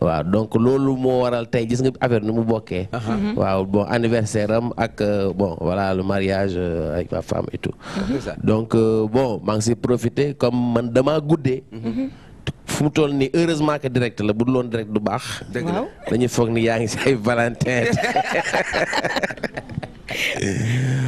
waaw donc loolu moo waral tey gis nga affaire nu mu bokkee. Mhm. bon anniversaire am ak euh, bon voilà le mariage euh, avec ma femme et tout. Mhm. donc euh, bon maa ngi si profité comme man damaa guddee. Mhm. fu mu toll nii heureusement que direct la bu direct du baax. dëgg la dañuy foog ni yaa ngi say Valentin. [laughs]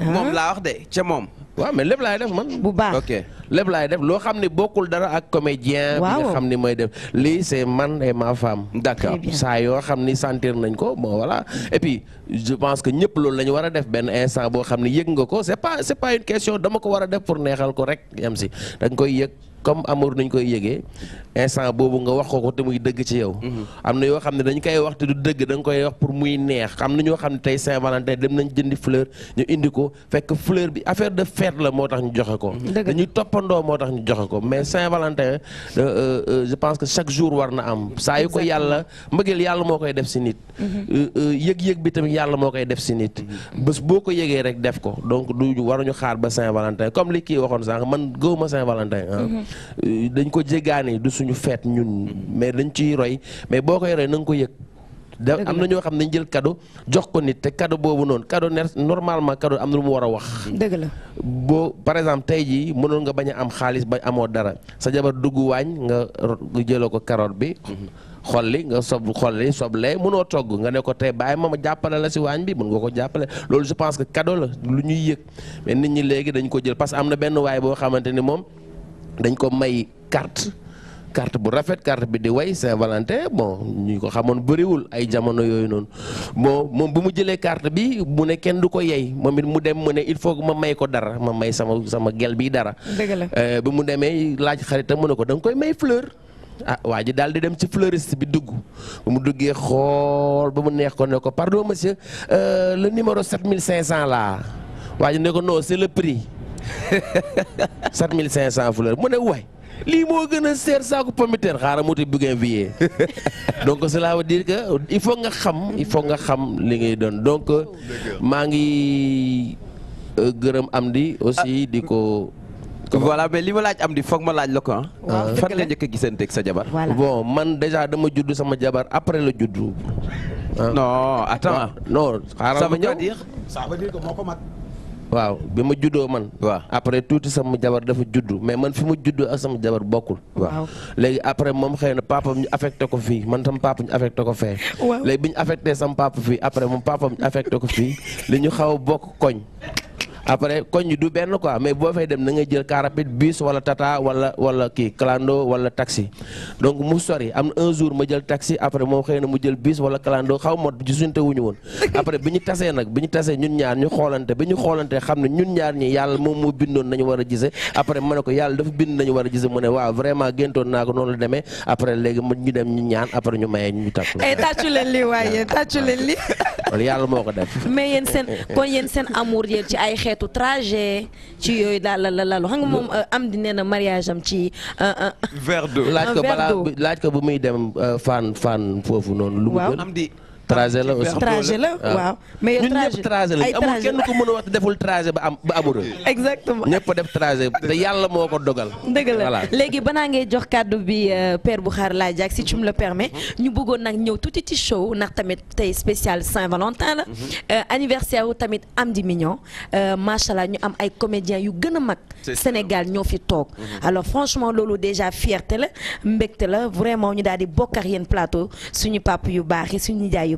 moom ah. laa wax de ca moom. waaw mais lépp laay def man. bu baax ok lépp laay def loo xam ne bokkul dara ak comédien. waaw bi nga xam ne mooy def lii c'est man et ma femme. d'accord saa yoo xam ni sentir nañ ko bon voilà et puis je pense que ñëpp loolu la ñu war a def benn instant boo xam ne yëg nga ko c'est pas une question dama ko war a def pour neexal ko rek yam si da nga koy yëg. comme amour nañ koy yëgee instant boobu nga wax ko ko te muy dëgg ci yow. Mm-hmm. am na yoo xam ne dañ koy wax te du dëgg da koy wax pour muy neex xam na ñoo xam ne tey Saint-Valentin dem nañ jëndi fleur ñu indi ko fekk fleur bi affaire de fête la moo tax ñu joxe ko. Mm-hmm. dañuy toppandoo moo tax ñu joxe ko mais mm-hmm. Saint-Valentin euh, euh, euh, je pense que chaque jour war na am. saa yu ko yàlla mbëggeel yàlla moo koy def si nit. yëg-yëg bi tamit yàlla moo koy def si nit. bés boo ko yëgee rek def ko donc du waruñu xaar ba saint comme li kii waxoon sànq man gëwuma Saint-Valentin. Euh, dañ ko jéggaane du suñu feet ñun mais dañ ciy roy mais boo koy roy na nga ko yëg da am na ñoo xam ne dañ jël cadeau jox ko nit te cadeau boobu noonu cadeau normalement cadeau am na lu mu war a wax. dëgg la boo par exemple tey jii mënoon nga bañ a am xaalis ba amoo dara sa jabar dugg waañ nga jëloo ko carotte bi. xolli nga sob xolli soble mënoo togg nga ne ko tey baay ma ma jàppale la si waañ bi mën nga ko jàppale loolu je pense que cadeau la lu ñuy yëg mais nit ñi léegi dañ ko jël parce que am na benn waay boo xamante ni moom. dañ ko may carte carte bu rafet carte bi di way Saint-Valentin bon ñu ko xamoon bëriwul ay jamono yooyu noonu bon moom bu mu jëlee carte bi mu ne kenn du ko yey moom it mu dem mu ne il faut ma may ko dara ma may sama sama gel bi dara. dëgg la euh, bi mu demee laaj xaritam mu ne ko da nga koy may fleur. ah waa ji di dem ci fleuriste bi dugg mu duggee xool ba mu neex ko ne ko pardon monsieur euh, le numéro 7500 laa waa ji ne ko non c'est le prix. 7500 [laughs] fleurs mu ne waay lii moo gën a seer saako pomiteer xaaral mu te buggee vie donc cela veut dire que il faut nga xam il faut nga xam li ngay doon donc euh, maa ngi euh, gërëm am di aussi ah. di ko. voilà mais li laaj am di foog ma laaj la ko ah. fan njëkk a gisanteeg sa jabar. bon man déjà dama judd sama jabar après la judd. Ah. non attends non. xaaral ma ñëw waaw bi ma juddoo man. waa après tuuti sama jabar dafa juddu mais man fi ma juddoo ak sama jabar bokkul. waaw léegi après moom xëy na papaam ñu affecté ko fii man tam papa ñu affecté ko fee. léegi bi ñu affecté sama papa fii après moom papaam ñu affecté ko fii li ñu xaw a bokk koñ. après koñ du benn quoi mais boo fay dem na ngay jël car rapide bus tata wala wala kii clando wala donc mu sori am na un jour ma jël taxi après moo xëy na mu jël bus wala clando xaw mot ci suñu te wuñu woon après bi ñu tasee nag bi ñu tasee ñun ñaar ñu xoolante bi ñu xoolante xam ne ñun ñaar ñi yàlla moom moo bindoon nañu war a gise après ma ne ko yàlla dafa bind nañu war a gise mu ne waaw vraiment géntoon naa ko noonu la demee après léegi ñu dem ñu ñaan après ñu mayee ñu takk eh, tàccu leen lii waaye tàccu leen lii yàlla moo ko def mais xeetu trajet ci yooyu daal la lalu xam moom euh, am di nee na mariage am ci. Euh, euh, verre d'eau laaj ko laaj ko bu muy dem fan fan foofu noonu. lu mu am di. trajet la aussi trajet la ah. waaw. mais yow ñun ñëpp trajet la amul kenn ku mën a wax deful trajet ba am ba amul. exactement ñep def trajet te yalla moko dogal. deug la légui banaa ngay jox cadeau bi euh, Père bukhar laay jaag si tu me le permets. Mhm. ñu bëggon nak ñew tuuti ci show nak tamit tay spécial Saint-Valentin la. Mhm. Euh, anniversaire wu tamit Amdy Mignon euh, macha allah ñu am ay comédiens yu gëna a mag. Sénégal ñoo fi toog. Mhm. alors franchement lolu déjà fierté la mbekté la vraiment ñu daal di bokk ak yéen plateau suñu papa yu baax yi suñu nijaay yu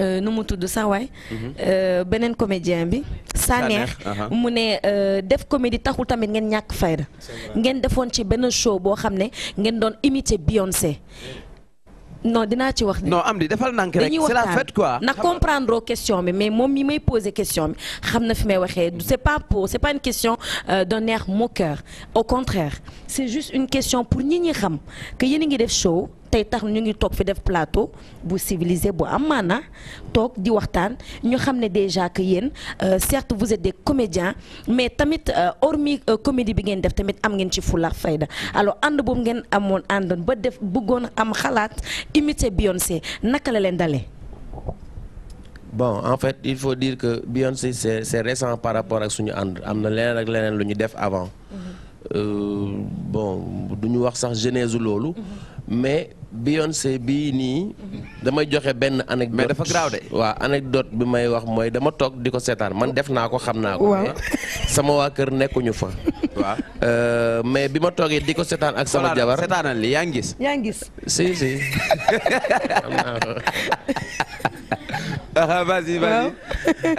Euh, nous mu tudd mhm. euh, comédien bi mère, mu euh, def comédie taxul tamit a fayda ci un show bo hamne. a Beyoncé non non c'est la fête quoi. comprendre question mais moi, mi may poser question c'est pas pour pas une question d'un air moqueur au contraire c'est juste une question pour nous que show tay tax ñu ngi tok fi def plateau bu civilisé bu amana, tok di waxtaan ñu xamné déjà que yéen euh, certes vous êtes des comédiens mais tamit euh, hormis euh, comédie bi ngeen def tamit am ngeen ci fulla fayda alors and bu ngeen amone àndoon ba def bëggoon am xalaat imiter Beyoncé naka la leen bon en fait il faut dire que Beyoncé c'est c'est récent par rapport ak suñu ànd am na leneen ak leneen lu def avant. Mhm. bon du ñu wax sax genèse loolu. Mhm. mais Beyoncé bii nii. damay joxe benn anecdote mais dafa graaw de. waaw anecdote bi may wax mooy dama toog di ko seetaan man def naa ko xam naa ko. Ah. sama waa kër nekkuñu fa. [laughs] waaw euh, mais bi ma toogee di ko seetaan ak. sama jabar seetaanal li yaa ngi gis. yaa ngi gis si si. [laughs] [laughs] [laughs] Ah, vas-y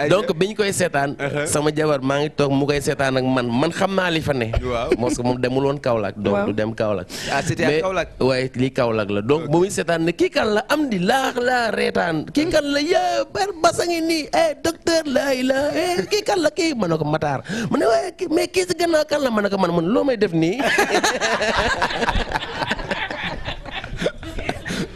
donc bi ñu koy seetaan. Uh-huh. sama jabar maa ngi toog mu koy seetaan ak man man xam naa li fa ne. waaw parce que moom demul woon Kaolack. donc dem Kaolack. ah c'était Kaolack mais waaye lii Kaolack la donc seetaan ne kii kan la am di laax laa reetaan kii er, nii eh docteur la eh kii kan ma ne ko Matar ma ne waaye kan la ma ne ko man man loo may def nii. [laughs]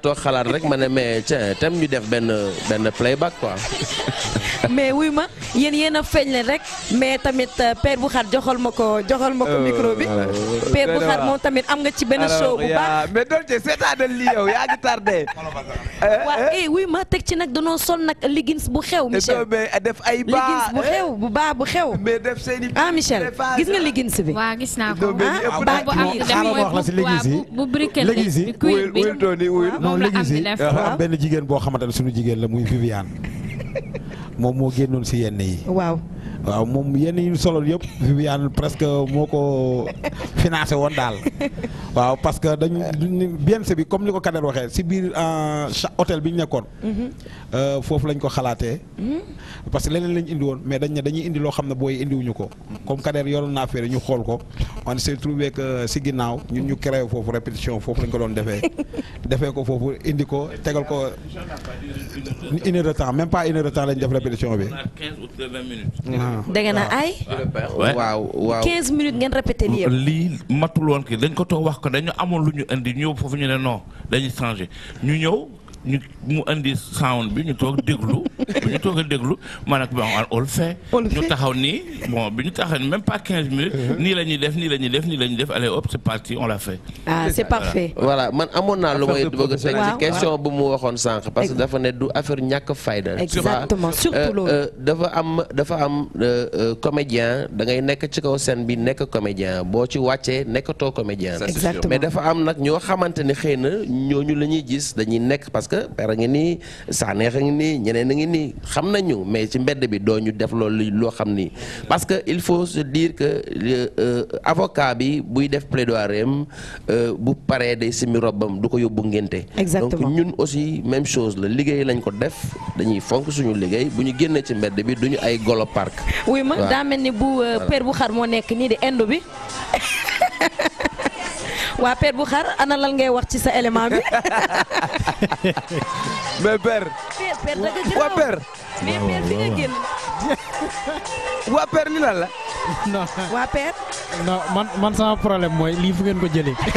daa xalaat rek ma ne mais tiens tam ñu def benn benn playback quoi. [laughs] mais wuy ma yéen yéen a feeñ leen rek mais tamit euh, père bu xaat joxal ma ko joxal ma ko euh, micro bu xaat moom tamit am nga ci benn show bu baax. mais Dolce [laughs] euh, eh, ma teg ci nag danoo sol nag leggings bu xew. Michel def ay baa leggings bu xew bu baax bu xew. mais def seeni ah gis nga leggings bi. non léegi si am benn jigéen boo xamante ne suñu jigéen la muy Viviane [laughs] moom moo génnoon si yenn yi waaw waaw moom yenn yi solo yëpp Viviane presque moo ko financé woon daal waaw parce que dañ BNC bi comme ni ko Kader waxee si biir euh, hôtel bi ñu nekkoon. Mhm. Euh, foofu lañ ko xalaatee. Mhm. parce que leneen lañ indi woon mais dañu ne dañuy indi loo xam ne booy indiwuñu ko. comme Kader yoroon naa fee ñu xool ko on s'est trouvé si ginnaaw ñu ñu créé foofu répétition foofu lañ ko doon defee. [laughs] defee ko foofu indi ko tegal ko une heure de temps même pas une heure lañ def répétition bi. da ay. Ah. waaw waaw 15 minutes ngeen répéter lii li lii matul woon kii dañ ko to wax ko dañu amoon lu ñu indi ñëw foofu ñu né non dañuy changer ñu ñew nous, mu dit sound bi ñu nous déglu bi ñu deglu, déglu man ak on le fait ñu taxaw ni bon bi même pas 15 minutes. Uh-huh. ni la def ni la def ni la def allez hop c'est parti on l'a fait. ah c'est parfait. voilà man amona lu bëgg a ci question bu mu sank parce que dafa né du affaire fayda. exactement surtout euh, euh, dafa am dafa am euh, comédien da ngay ci kaw scène bi comédien ci comédien. mais dafa am que pera ngi nii saaneex a ngi nii ñeneen a ngi nii xam nañu mais ci mbedd bi doo ñu def loolu loo xam nii parce que il faut se dire que euh, euh, avocat bi buy def plaidoirie am euh, bu paree day simi robam du ko yóbbu ngénte donc ñun aussi même chose la liggéey lañ ko def dañuy fonk suñu liggéey bu ñu génnee ci mbedd bi du ñu ay golo park wuy ma daa mel ni bu père bu xar moo nekk nii di indo bi [laughs] waa père bu xar a lan ngay wax ci sa élément bi. [laughs] mais père. père père mais père fi nga génn. [laughs] waa père li lan la. [laughs] waa père. non man man sama problème mooy lii fu ngeen ko jëlee. [laughs]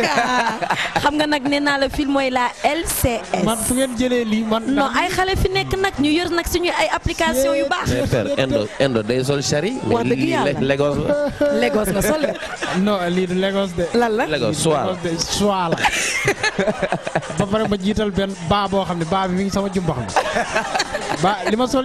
xam nga nag nee naa la fii mooy la LCS. man fu ngeen jëlee lii man. non ay xale fi nekk nag ñu yor nag suñu ay application yu baax. mais père Endo Endo day sol chari. wax dëgg yàlla mais lii Lagos la. Lagos lii du Lagos de. lan la Lagos soir de soir la. ba pare ma jiital benn baa boo xam ne baa bi mi ngi sama jumbax mi ba li ma sol.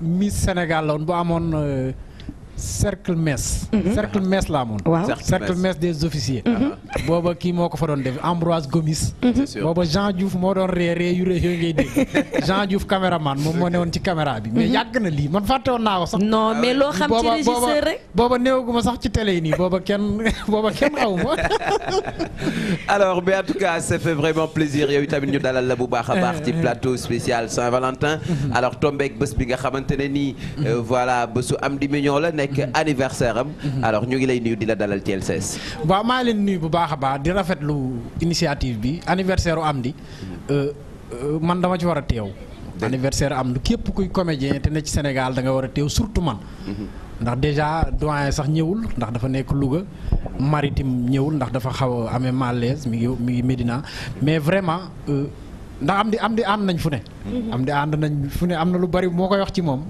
Miss Sénégal la woon bu amoon. Euh, cercle mess. Mhm. cercle mess là mon, cercle mess des officiers. Mhm. Ah. bobo kii moo fa don def Ambroise Gomis. Mhm. bobo Jean Diouf mo don ree ree [laughs] Jean Diouf caméraman mon mo néwon ci caméra bi. mais yag na li man faté won na ko sax. non ah, mais lo xam ci régisseur rek. bobo néwuguma sax ci télé yi bobo booba kenn [laughs] booba kenn xaw [laughs] alors mais en tout cas ça fait vraiment plaisir yow tamit ñu dalal la bu baax a baax eh, ci eh. plateau spécial Saint-Valentin. alors ak bëss bi nga euh, voilà bëssu am di mignon la nekk mhm. anniversaire am. Mhm. alors ñu ngi lay nuyu di la dalal ci LCS. waaw maa leen nuyu bu baaxa ba baax di rafetlu initiative bi anniversaire am di mhm. euh, euh, man dama ci wara tew anniversaire am du képp kuy comédien té ne ci Sénégal da nga wara tew surtout man. ndax déjà doyen sax ñewul ndax dafa nek Louga maritime ñewul ndax dafa xaw amé malaise mi ngi mi ngi Médina mais vraiment euh ndax am di am di ànd nañ fu ne. am di ànd nañ fu ne am na lu bari mo koy wax ci mom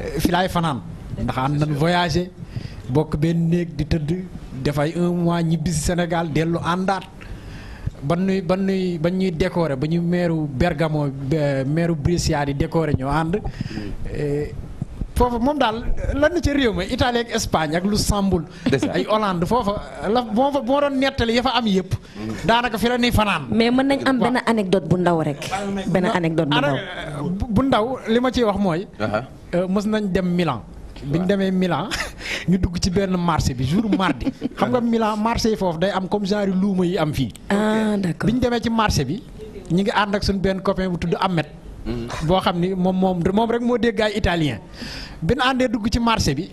euh, fi laay fanaan. ndax am nañ voyagé bokk benn néeg di tëdd dafay un mois ñibbi si Sénégal dellu àndaat ban nuy ban nuy ba ñuy décorer ba ñu meeru Bergamo meeru Brescia di décorer ñu ànd eh, foofa moom daal lan na ca réew ma Italie ak Espagne ak lu sambul ay Hollande foofa la moo fa moo doon nettali ya fa am yëpp. Mm. daanaka fi la ni fanaan. mais man nañ am benn anecdote bu ndaw rek. benn anecdote bu ndaw. li ma ci wax mooy. Eh, mës nañ dem Milan. bi ñu demee Milan [laughs] ñu dugg ci benn marché bi jour mardi xam nga Milan marché yi foofu day am comme genre luuma yi am fii. ah bi ñu demee ci marché bi ñu ngi ànd ak suñu benn copain bu tudd Ahmed. Mm. boo xam ni moom moom moom rek moo dégg ay italien bi ñu àndee dugg ci marché bi.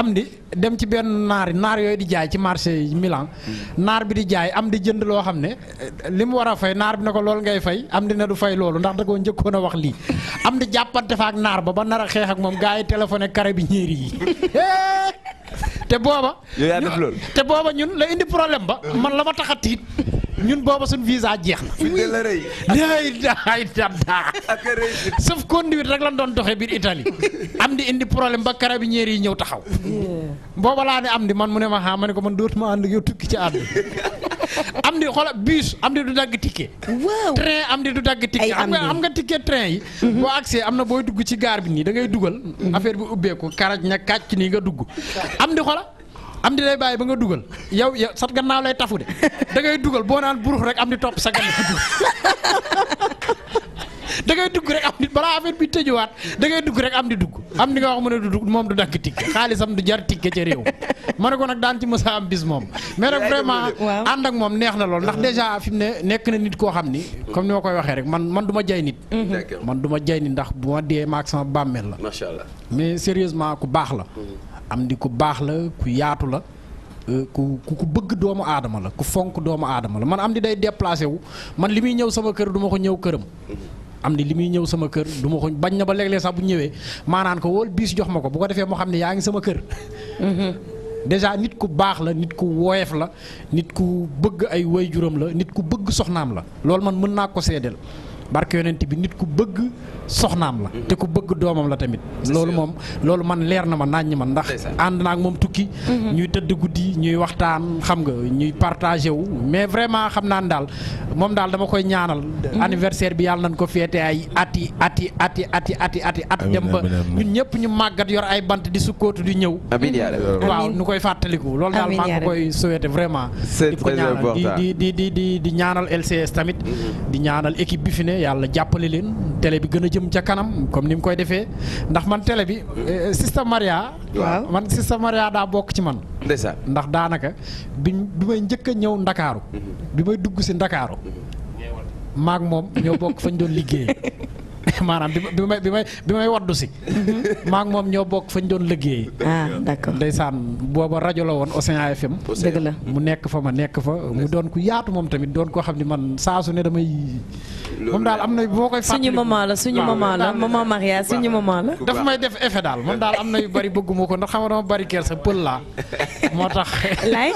am di dem ci benn naari naar yooyu di jaay ci marché yi Milan hmm. naar bi di jaay am di jënd loo xam ne eh, li mu war a fay naar bi ne ko loolu ngay fay am di ne du fay loolu ndax da koo njëkkoon a wax lii [laughs] am di jàppante fa ak naar ba ba nar a xeex ak moom gars yi téléphoné carré bi ñéeri yi [laughs] te booba. yow yaa def te booba ñun la indi problème ba. man la ma tax a tiit ñun booba suñ visa jeex na. fi la rëy. ay dada sauf conduite rek la doon doxee biir Italie [laughs] am di indi problème ba carabinieri yi ñëw taxaw. booba laa ne am di man mu ne ma ah ma ne ko man ma ànd ak yow tukki ci ànd. [laughs] am di xoola bus am di du dagg ticket. waaw train am di du dagg ticket. am nga am nga ticket train yi. Mhm. boo accès am na booy dugg ci gaar bi nii da ngay dugal. Mhm. affaire bi ubbeeku karaj na kàcc nii nga dugg. am di lay bàyyi ba nga duggal yow yow sat gannaaw lay tafu de da ngay duggal bo nan burux rek am di top sa gannaaw da ngay dugg rek am di bala affaire bi wat da ngay dugg rek am di dugg am di nga wax mo ne dugg mom du dagg tik xaalisam du jar tik ci rew mané ko nak dan ci musa am bis mom mais nag vraiment and ak mom neex na lol ndax dèjà fim ne nek na nit ko xamni comme ni ma koy waxee rek man man duma jay nit mhm. man duma jay nit ndax bu dé dee sama bammel la machallah allah mais sérieusement ku bax la mhm. am di ku baax la ku yaatu la euh, ku ku bëgg doomu aadama la ku fonk doomu aadama la man am di day déplacé wu man li muy ñëw sama kër du ma ko ñëw këram am di li muy ñëw sama kër du ma ko bañ na ba léeg sax bu ñëwee maanaan ko wool biis jox ma ko bu ko defee moo xam ne yaa ngi sama kër mm-hmm. déjà nit ku baax la nit ku woyef la nit ku bëgg ay waajuram la nit ku bëgg soxnaam la loolu man mën naa ko seedeel barke yonent bi nit ku bëgg soxnaam la te ku bëgg doomam la tamit loolu moom loolu man leer na ma naaj ñi man ndax ànd naa ak moom tukki mhm. ñuy tëdd guddi ñuy waxtaan xam nga ñuy partagé wu mais vraiment xam naa ne daal moom daal dama koy ñaanal mhm. anniversaire bi yàlla nañ ko féete ay ati ati ati ati ati ati at dem ba ñun ñëpp ñu màggat yor ay bant di sukkootu di ñëw waaw nu koy fàttaliku loolu daal maa koy souhaité vraiment di di di di di ñaanal LCS tamit mhm. di yàlla jàppale leen tele bi gën a jëm ca kanam comme ni mu koy defee ndax man télé bi. Eh, Sista Maria. waaw man Sista Maria daa bokk ci man. ndax daanaka bi bi may njëkk a ñëw Ndakaaru. Mhm. bi may dugg si Ndakaaru. Mhm. maak moom ñoo bokk fañ doon liggéey [laughs] [laughs] maanaam bi may bi may bi may waddu si. Mhm. maa moom ñoo bokk fañ doon liggéey. day ah, d'accord ndeysaan booba rajo la woon Océan FM. dëgg mu nekk fa ma nekk fa mu doon ku yaatu moom tamit doon koo xam ne man saa su ne damay. moom daal am na boo koy. fàttali suñu maman la suñu maman la maman Maria suñu maman def effet daal moom daal am na yu bari bëgguma ko ndax xam nga dama bari sa pël laa moo tax. [laughs] lay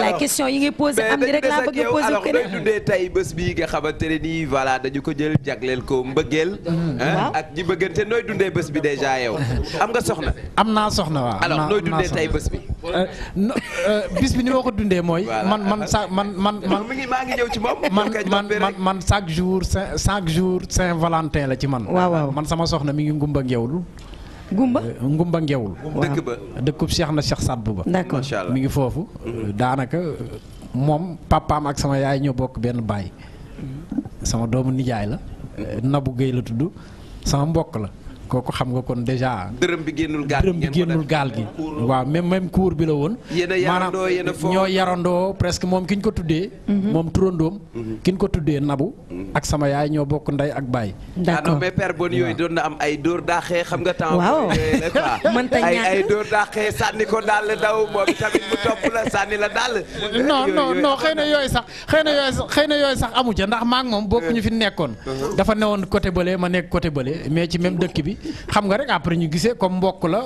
lay question yi ngay posé am di rek laa bëgg a posé. alors day bés bi nga xamante voilà dañu ko jël jagleel ko mbëggeel ak ñi bëggante nooy dundee bés bi déjà yow am nga soxna. am naa soxna waa alors nooy dundee tey bés bi. Euh, euh, bis bi ni ma ko dundee mooy. man man sa man man man. [laughs] man man man chaque jour jour Saint-Valentin la ci man. waaw man sama soxna mi ngi ngumba ngeewlu. Gumba Ngumba euh, Ngewul. dëkk ba dëkkub Cheikh na Cheikh Saad Bouba. d'accord mi ngi foofu. Mhm. daanaka moom papaam ak sama yaay ñoo bokk benn baay. Mhm. sama doomu nijaay la. Nabou Guèye la tudd sama mbokk la kooku xam nga kon déjà. dërëm bi génnul gaal gi dërëm bi génnul gaal gi. waaw même même cours bi la woon. maanaam ñoo yarandoo presque moom ki ñu ko tuddee. Mhm. moom turandoom. Mhm. ki ñu ko tuddee nabu. Mhm. ak sama yaay ñoo bokk ndey ak baay. d'accord ah mais père bon yooyu doon na am ay dóor daaxee xam nga. temps [laughs] mënta ñàkk ay ay dóor daaxee sànni ko daal la daw moom tamit mu la la daal. na yooyu sax xëy na yooyu sax xëy na yooyu sax amu eh. ñu fi nekkoon. Uh-huh. dafa newoon côté bële ma nekk côté bële mais ci même dëkk bi xam nga rek après ñu gisé comme mbokk la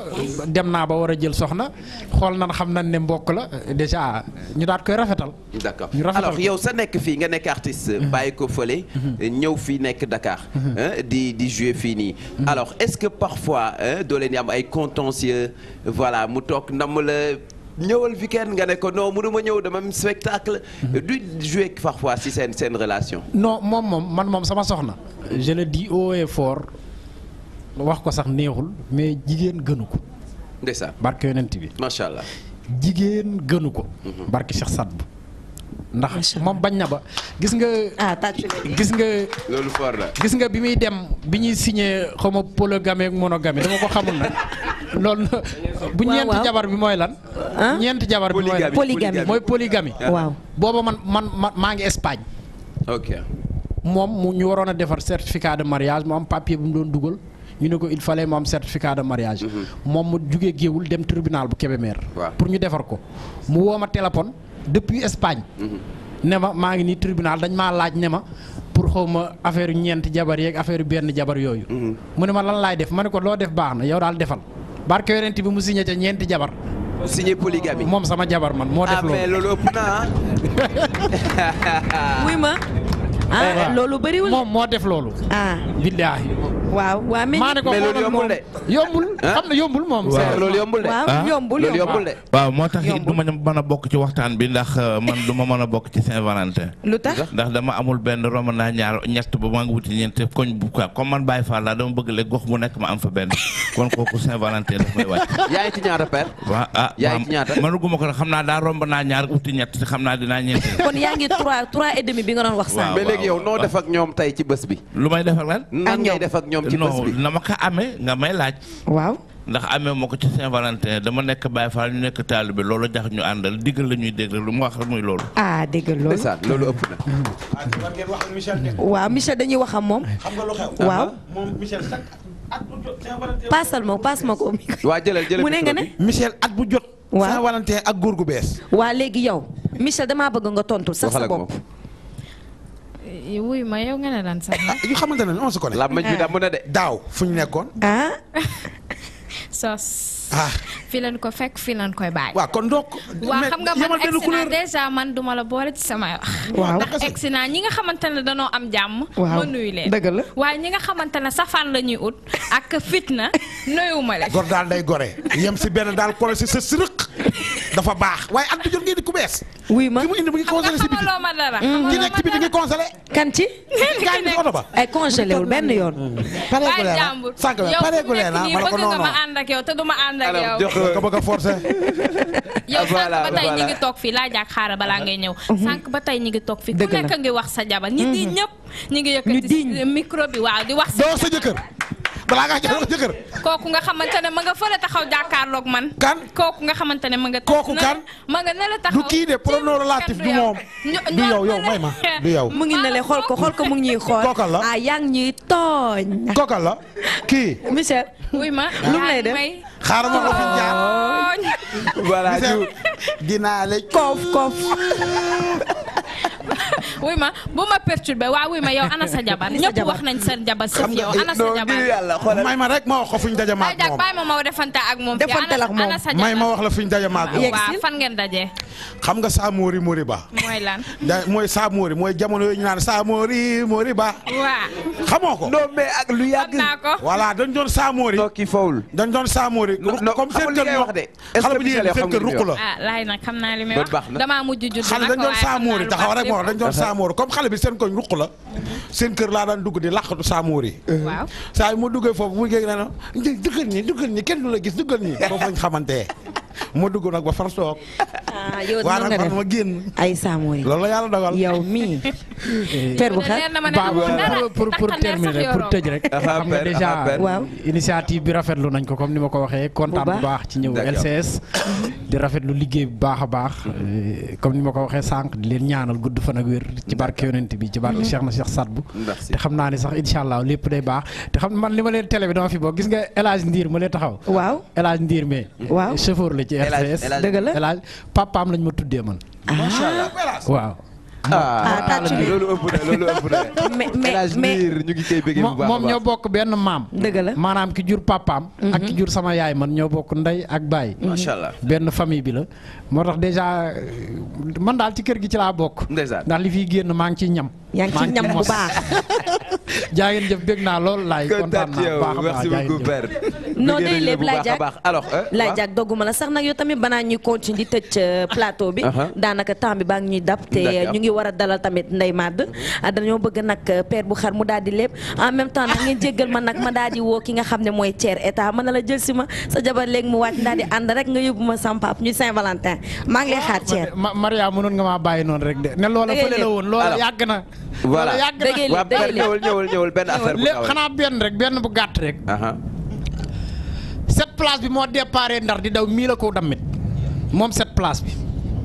dem na ba wara jël soxna xol nan xam nan né mbokk la déjà ñu daat koy rafetal. d'accord alors yow sa nekk fi nga nekk artiste. Mhm. bàyyi ko fële. Mhm. ñëw fii nekk Dakar. Mhm. Hein, di di jouer fini alors est-ce que parfois hein, doo leen di am ay contentieux voilà mu tok ndam la. ñëwal weekend nga ne ko non mënu ma ñëw dama spectacle. du jouer parfois si c'est une relation. non mom mom man mom sama soxna. je le dis haut et fort. wax ko sax neexul mais jigéen gënu ko. ndeysaan barke yonent bi. macha allah jigéen gënu ko. Mhm. barke Cheikh Sadbu. ndax moom bañ na ba gis nga. ah gis nga. la gis nga bi muy dem bi ñuy signé xaw ma polygamie ak monogamie dama ko xamul nag. [laughs] loolu bu ñeenti jabar bi mooy lan. ñeenti jabar bi mooy lan polygamie mooy polygamie. Ah. waaw booba man man maa ngi Espagne. ok moom mu ñu waroon a defar certificat de mariage mu am papier bu mu doon dugal. ñu ko il fallait mu am certificat de mariage. mom mhm. mu jugee géewul dem tribunal bu kébé mère pour ñu defar ko mu woma téléphone depuis Espagne. Mhm. ne ma maa ngi ni tribunal dañ ma laaj ne ma pour xawma affaire ñent jabar yeeg affaire benn jabar yoyu mhm. mu ne ma lan lay def mané ko lo def baxna yow dal defal barké yonent bi mu signé ca ñent jabar. signé polygamie mom sama jabar man mo def loolu. ah mais loolu ëpp na ah. [laughs] ah eh, loolu bëriwul moom moo def loolu. ah billaahi. waaw waa ah. mais loolu yombul de. Ah. yombul moom. waaw loolu yombul de. waaw moo tax it du ma mën a bokk ci waxtaan bi ndax euh, man du ma mën a bokk ci Saint-Valentin. lu tax ndax dama amul benn romb naa ñaar ñett ba maa ngi wuti ñeent koñ bu quoi comme man Baye faa laa dama bëgg léegi gox mu nekk ma am fa benn kon kooku Saint-Valentin daf may wàcc. [laughs] yaa ngi ci ñaata père. waaw ah yaa ngi ci ñaata. xam naa daa romb naa ñaar wuti ñett xam naa dinaa ñeent. kon ak yow noo def ak ñoom tey ci bés bi. lu may def lan. nan ngay def ak ñoom ci na ma ko amee nga may laaj. waaw. ndax amee moo ko ci Saint-Valentin dama nekk Baye Fall ñu nekk taalibe loolu jax ñu àndal diggal la ñuy dégg lu mu wax muy loolu. ah dégg loolu ndeysaan loolu ëpp na. waaw Michel dañuy wax moom. xam nga lu xew. waaw ah, ah. moom ma paas ma ko. waa jëlal jëlal mu ne nga ne. Michel at bu jot. waaw saint ak góor gu bees. waa léegi yow Michel damaa bëgg nga tontu sax sa bopp. wuy eh, eh, ma yow nga ne lan sax. ah yu xamante ne on se connaît. làmb ji damm na de. daaw fu ñu nekkoon. ah [laughs] sos. ah. [laughs] fi leen ko fekk fi leen koy bàyyi. waaw kon donc. waa xam nga man egsi naa dèjà man duma la boole ci sama wax. waaw [laughs] naa ñi nga xamante ne danoo am jàmm. waaw ma nuyu leen dëgg la. ñi nga xamante ne safaan la ñuy ut ak fitna [laughs] nuyu ma leen. gor daal day gore yem si benn daal kole si sa sërëq dafa baax waaye at bi jot ngeen ma ki mu indi mu ngi congelé si biti xam nga dara. ki nekk ci biti ngi congelé. kan nag yow ko bëgg a [laughs] ba tey ñi ngi toog fii laa jaak xaaral balaa ngay ñëw mhm. sànq ba tey ñi ngi toog fii ku nekk ngi wax sa jabar ñi di mhm. ñëpp ñi ngi yëkkati micro bi waaw di wax sa jabar balaa ngaa jox ko jëkkër. kooku nga xamante ne ma nga fële taxaw jàkkaarloog man. kan kooku nga xamante ne ma nga. kooku kan ma nga ne la taxaw du kii de pronom relatif du moom. du yow yow may ma du yow. mu ngi ne xool ko xool ko mu ngi ñuy xool. kookal la ah yaa ngi tooñ. kookal la kii. Michel. wuy ma lu mu lay xaaral ma ko fi jaar. voilà dinaa la. koof koof. [laughs] wuy ma bu ma perturbé waaw wuy ma yow ana sa jabar ñëpp wax nañ seen jabar sëf yow ana sa jabar may ma rek ma wax ko fuñ daje maag moom moom may ma wax la fuñ daje maag moom waaw fan ngeen daje xam nga saa moori moori ba mooy lan ñu naan saa moori moori ba xamoo ko non mais ak lu yàgg naa ko voilà dañ doon saa moori kii fawul dañ doon saa moori comme seen kër wax de xale bu jigéen fekk ruq la ah laay nag xam naa li may wax damaa mujj judd xale dañ doon saa moori saamoor comme xale bi seen koñ ruq la seen kër laa daan dugg di làqatu saamoor yi waaw saa yi mu duggee foofu mu géeg na na dëggal ñi dëggal ñi kenn du la gis dëggal ñi foofu lañ xamantee ma dugg nag ba far soog. ah yow dina nga def ma génn. ay loolu la yàlla dogal yow mii. [laughs] per bu xar pour pour terminer pour tëj rek. xam nga déjà waaw initiative bi rafetlu nañ ko comme ni ma ko waxee. kontaan bu baax ci ñëw LCS. di rafetlu liggéey bu baax a baax. Eh, comme ni ma ko waxee sànq di leen ñaanal gudd fan ak wér ci barke yonent bi ci barke mhm. Cheikh na Cheikh Sadbu. te xam naa ne sax incha allah lépp day baax te xam man li ma leen télé bi dama fi bokk gis nga El Hadj Ndiir ma leen taxaw. waaw Ndiir mais. waaw la ci RTS dëgg la El Hadj papaam lañ ma tuddee man. Ah. waaw. Ah. Ah, [laughs] ñu ngi moom ñoo bokk benn maam. dëgg maanaam ki jur papaam. Mhm. ak ki jur sama yaay man ñoo bokk ndey ak baay. Mhm. macha allah benn famille bi la. moo tax dèjà man daal ci kër gi ci laa bokk. ndax li fiy génn maa ngi ciy ñam. yaa ngi ci ñam bu baax. [laughs] jaa jëf bég naa lool laay kontaan naa baax merci beaucoup père. [laughs] non day lépp laay jaag alors laay jaag la sax nag yow tamit banaa ñuy continuer di tëj euh, [laughs] plateau bi. Uh-huh. daanaka temps bi baa ngi ñuy dab te ñu ngi war a dalal tamit Ndeye Made. Uh-huh. dañoo bëgg nag euh, per bu xar mu daal di lépp en même temps nag jéggal ma nag ma daal di woo ki nga xam ne mooy Thier état mën na la jël si ma sa jabar léegi mu wàcc daal di ànd rek nga yóbbu ma sama ñu Saint-Valentin maa ngi lay xaar Thier. Maria mënoon nga maa bàyyi noonu rek de ne voilà yàgg la dëgg la ñëwul ñëwul benn rek benn bu gàtt rek. set place bi moo déparé ndar di daw mii la ko dammit moom cette place bi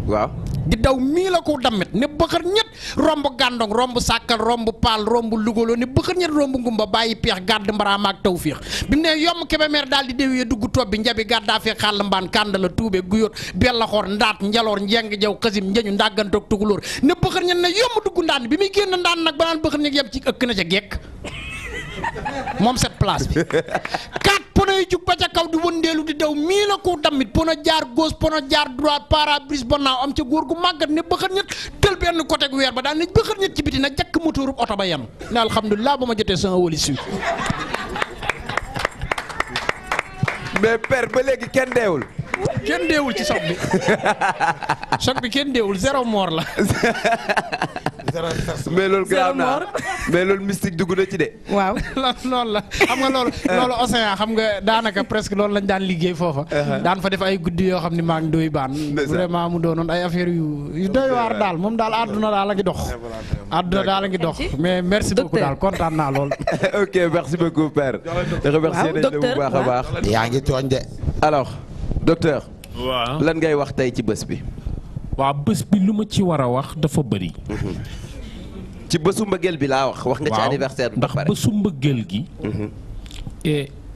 waaw. di daw mii la ko damit ne bëxër ñett romb gàndong romb sàkkal romb paal romb lugaloo ne bëxër ñett romb ngumba bàyyi peex gàdd mbaraama ak taw fiix bi mu ne yomb kebemeer daal di déwee dugg tob bi njabi gàddaa fee xàll mbaan kànda la tuube guyóot bellaxoor ndaat njaloor njeng jaw xasim njañu ndàggantoog tugalóor ne bëxër ñett ne yomb dugg ndaan bi muy génn ndaan nag banaan bëxër ñett yem ci ëkk na ca gekk moom cette place bi quatre pneu yu jug ba ca kaw di wëndeelu di daw mii la ko damit pneu jaar gauche a jaar droite pare-brise ba am ca góor gu màggat ne bëxër ñett tël benn côté gu weer ba daal ne bëxër ñett ci biti na jakk motoorub oto ba yanu ne alhamdulilah ba ma jotee sama walis wi mais père ba léegi kenn deewul kenn deewul ci choc bi choc [laughs] bi kenn deewul zéro mort la [laughs] mais lool garaaw naa mais loolu mystique dugg na ci de. waaw [laughs] loolu la xam nga loolu. Euh. loolu océan xam nga daanaka presque loolu lañ daan liggéey foofa. daan fa def ay guddi yoo xam ne maa ngi doy baan. vraiment mu doonoon ay affaire yu yu doy waar daal moom daal àdduna daal a ngi dox. àdduna daal a ngi dox mais merci beaucoup daal kontaan naa lool. [laughs] ok merci beaucoup père. remercier bu baax a baax. yaa ngi tooñ de. alors docteur. waaw lan ngay wax tey ci bës bi. waaw bés bi lu ma ci war a wax dafa bëri. Mhm. ci bësu mbëggeel bi laa wax wax nga ci ndax bésu mbëggeel gi. Mhm.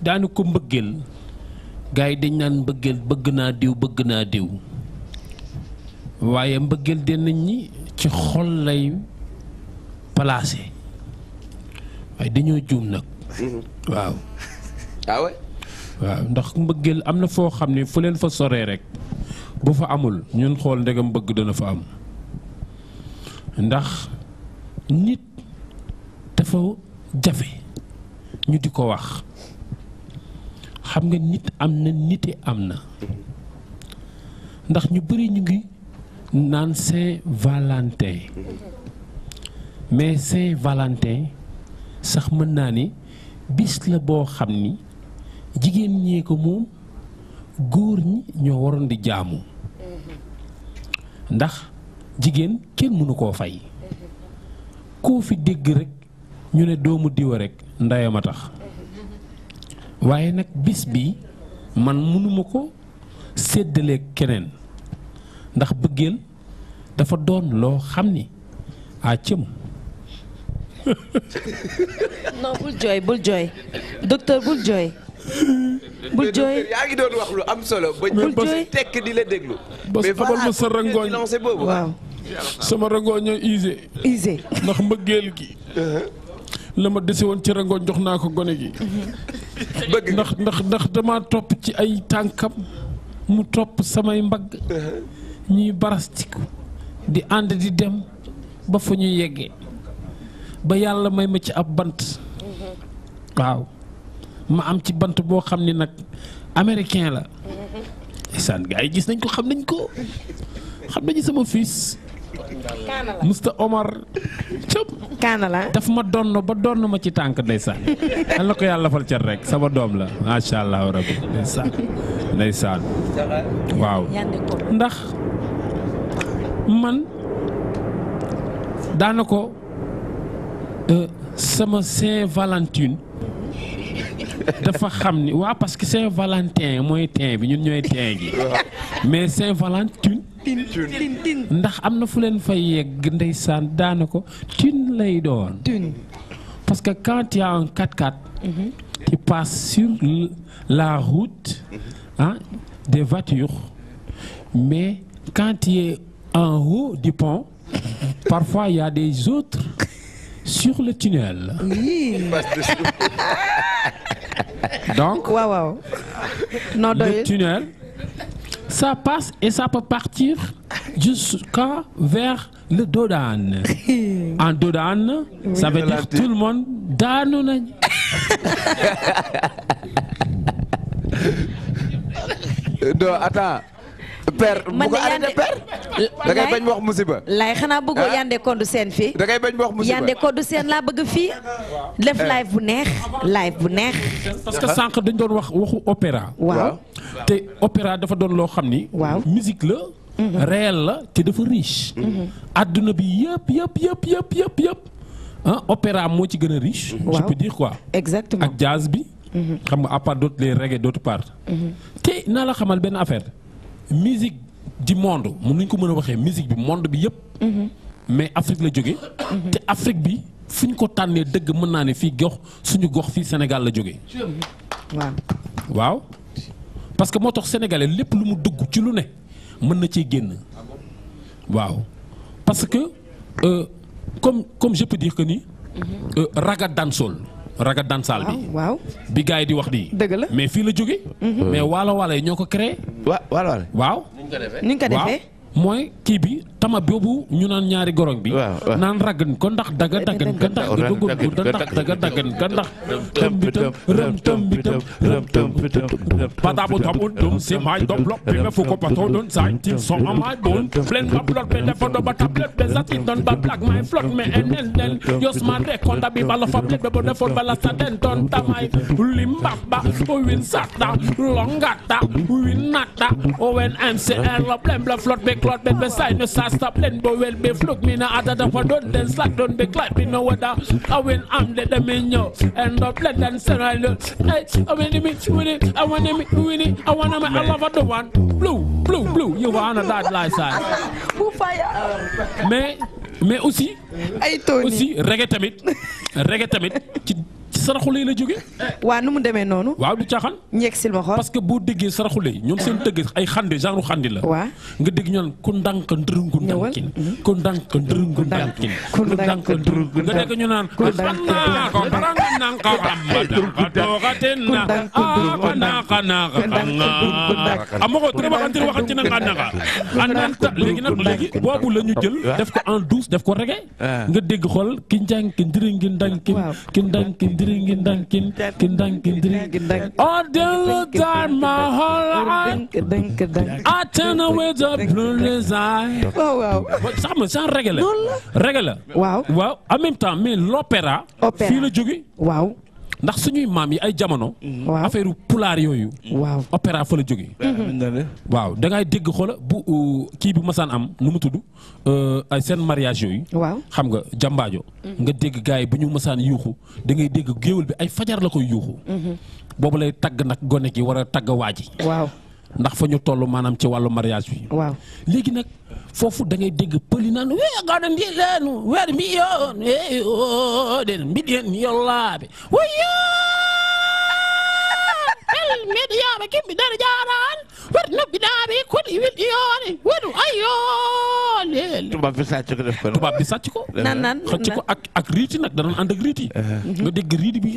daanu ko mbëggeel gars yi dañ naan mbëggeel bëgg naa diw bëgg naa diw waaye mbëggeel de nit ñi ci xol lay placé waaye dañoo juum nag. Mhm. waaw. [laughs] Ah waaw ndax mbëggeel am na foo xam ne fu leen fa soree rek bu fa amul ñun xool ndegam bëgg dana fa am ndax. nit dafa jafe ñu di ko wax xam nga nit am na niti am na ndax ñu bari ñu ngi naan Saint-Valentin mais Saint-Valentin sax mën naa ni bis la boo xam ni jigéen ñee ko moom góor ñi ñoo waroon di jaamu mm-hmm. ndax jigéen kenn mënu koo fay. koo fi dégg rekk ñu ne doomu diwa rekk ndeyam a tax waaye nag bis bi man mënuma ko seddalee keneen ndax bëggeel dafa doon loo xam ni a cëm [laughs] non bul jooy bul jooy docteur bul jooy bul jooy yaa ngi doon wax lu am solo ba ñu tekk di la déglu mais fabal ma sa rangoñ sama rangoon ñoo usé. usé ndax mbëggeel gi. la ma dese woon ci rangoon jox naa ko gone gi. bëgg ndax ndax ndax damaa topp ci ay tànkam mu topp samay mbagg. ñuy barastiku di ànd di dem ba fa ñu yeggee ba yàlla may ma ci ab bant waaw ma am ci bant boo xam ne nag americain la. isaan gis nañ ko xam nañ ko xam nañu sama fiis musta Omar cëp kaana ma donn ba donn ma ci tànk ndeysaan an la ko yàlla fal cat rek sama doom la macha allah rabbi ndeysaan ndax man daana ko euh, sama Saint Valentine dafa xam ni waa parce que Saint Valentin mooy tin bi ñun ñooy tin gi [laughs] mais Saint Valentin parce que quand il y a un 4x4 qui mhm. passe sur la route mhm. hein, des voitures mais quand il est en haut du pont [laughs] parfois il y a des autres sur le tunnel. Donc, le tunnel ça passe et ça peut partir jusqu'à vers le Dodane. [laughs] En Dodane, ça veut dire tout le monde [laughs] père bu ko arrêté da ngay bañ wax musiba. lay xanaa bëggoo ah? yande koddu seen fii. da ngay bañ wax musiba yande koddu seen laa bëgg fii. def eh. live bu neex live bu neex. parce que sànq dañ doon wax waxu opéra. waaw te opéra dafa doon loo xam ni. waaw musique la. Mm-hmm. réel la te dafa riche. Mm-hmm. adduna bi yëpp yëpp yëpp yëpp yëpp yëpp. ah moo ci gën a riche. je dire quoi. exactement ak jazz bi. Mm-hmm. xam nga à part d'autre part. te naa la xamal benn affaire. musique du monde ko musique du monde bi mhm. mais Afrique la en mhm. Afrique bi fuñ ko tanné dëgg ne gox suñu Sénégal la waaw. parce que moi, tax sénégalais lépp lu dugg ci lu parce que euh, comme je peux dire que ni. dans mhm. euh, raga raga dansal bi waaw bi gars yi di wax nii. dëgg la mais fii la jóge mhm. mais waalo waalo yi ñoo ko créé. wa waalo waalo waaw. ni ñu ko defee ni Moy ki bi tama bobu ñu naan ñaari gorong bi naan ragn ko ndax daga dagan ko ndax du dogon ko ndax daga dagan ko ndax tam bi tëm rëm tëm bi tam rëm pada bu tam dum si may do blok bi me fuko pato don sa tim so amaay bon plen ba blok pe defo do ba tablet be ti don ba black my flot me en den yo sma de da bi balo fa plet be bo defo la sa den ton tamay lim ba ba o win sata longgata win nata o wen en lo blem blok flot clot bed beside no start stop then but well be fluke me na other than for don't then slack don't be clap me no weather I win I'm the them in yo end up let them send I know hey I win me win it I want me win it I want me I love the one blue blue blue you wanna that lifestyle who fire Me, me, aussi aussi reggae tamit reggae tamit ci saraxule yi la jógee. waaw nu mu demee noonu. waaw du caaxaan. ñeeg si ma xool parce que boo déggee saraxule yi ñoom seen tëgg ay xande genre xande la. waaw nga dégg ñu naan ku a ndërëngu mm-hmm. ndànkin. ku ndànk ndërëngu ndànkin. ku ndànk ndërëngu ndànkin nga dégg ñu naan. ku ndànk ndërëngu ndànkin. ku ndànk ndërëngu drinking, dunking, dunking, dunking, drinking, dunking. All la. règle la. waaw. waaw en même temps mais l'opéra. opéra ndax suñuy maam yi ay jamono. Mm-hmm. waaw affaire pulaar yooyu. Mm-hmm. waaw opéra fa la jóge mm-hmm. waaw da ngay dégg xoola bu uh, kii bi masaan am nu mu tudd uh, ay seen mariage yooyu. xam nga jàmbaajo. nga dégg gars yi bu ñu masaan yuuxu da ngay dégg géwél bi ay fajar la koy yuuxu. boobu lay tagg nag gone gi war a tagg waa ji. waaw ndax fa ñu toll maanaam ci wàllu mariage bi. léegi nag. foofu da dégg pëli naan we gaɗo weer mbi yon e eh, oh, oh, oh, elmiɗiyama bi sàcc ko def ko tubabe bi sàcc ko ak riiti nag da doon ak riiti nga dégg riiti bi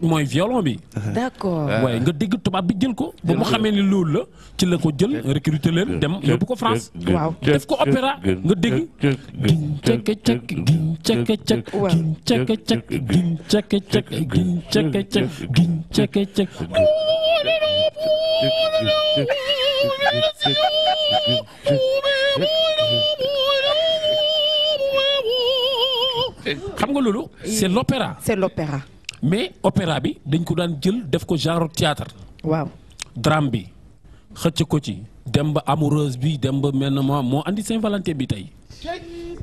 mooy violon bi waaye nga dégg tubaab bi jël ko ba mu xamee ni loolu la ci la ko jël recruter leen dem yóbbu ko France waaw def ko opéra nga dégg gin cek cek gin cek cek gin cek cek gin cek cek Eh, xam nga loolu c'est l'opéra c'est mais opéra bi dañ ko daan jël def ko genre théâtre waaw bi xëcc ko ci dem ba amoureuse bi dem ba mel na moo moo andi Saint-Valentin bi tey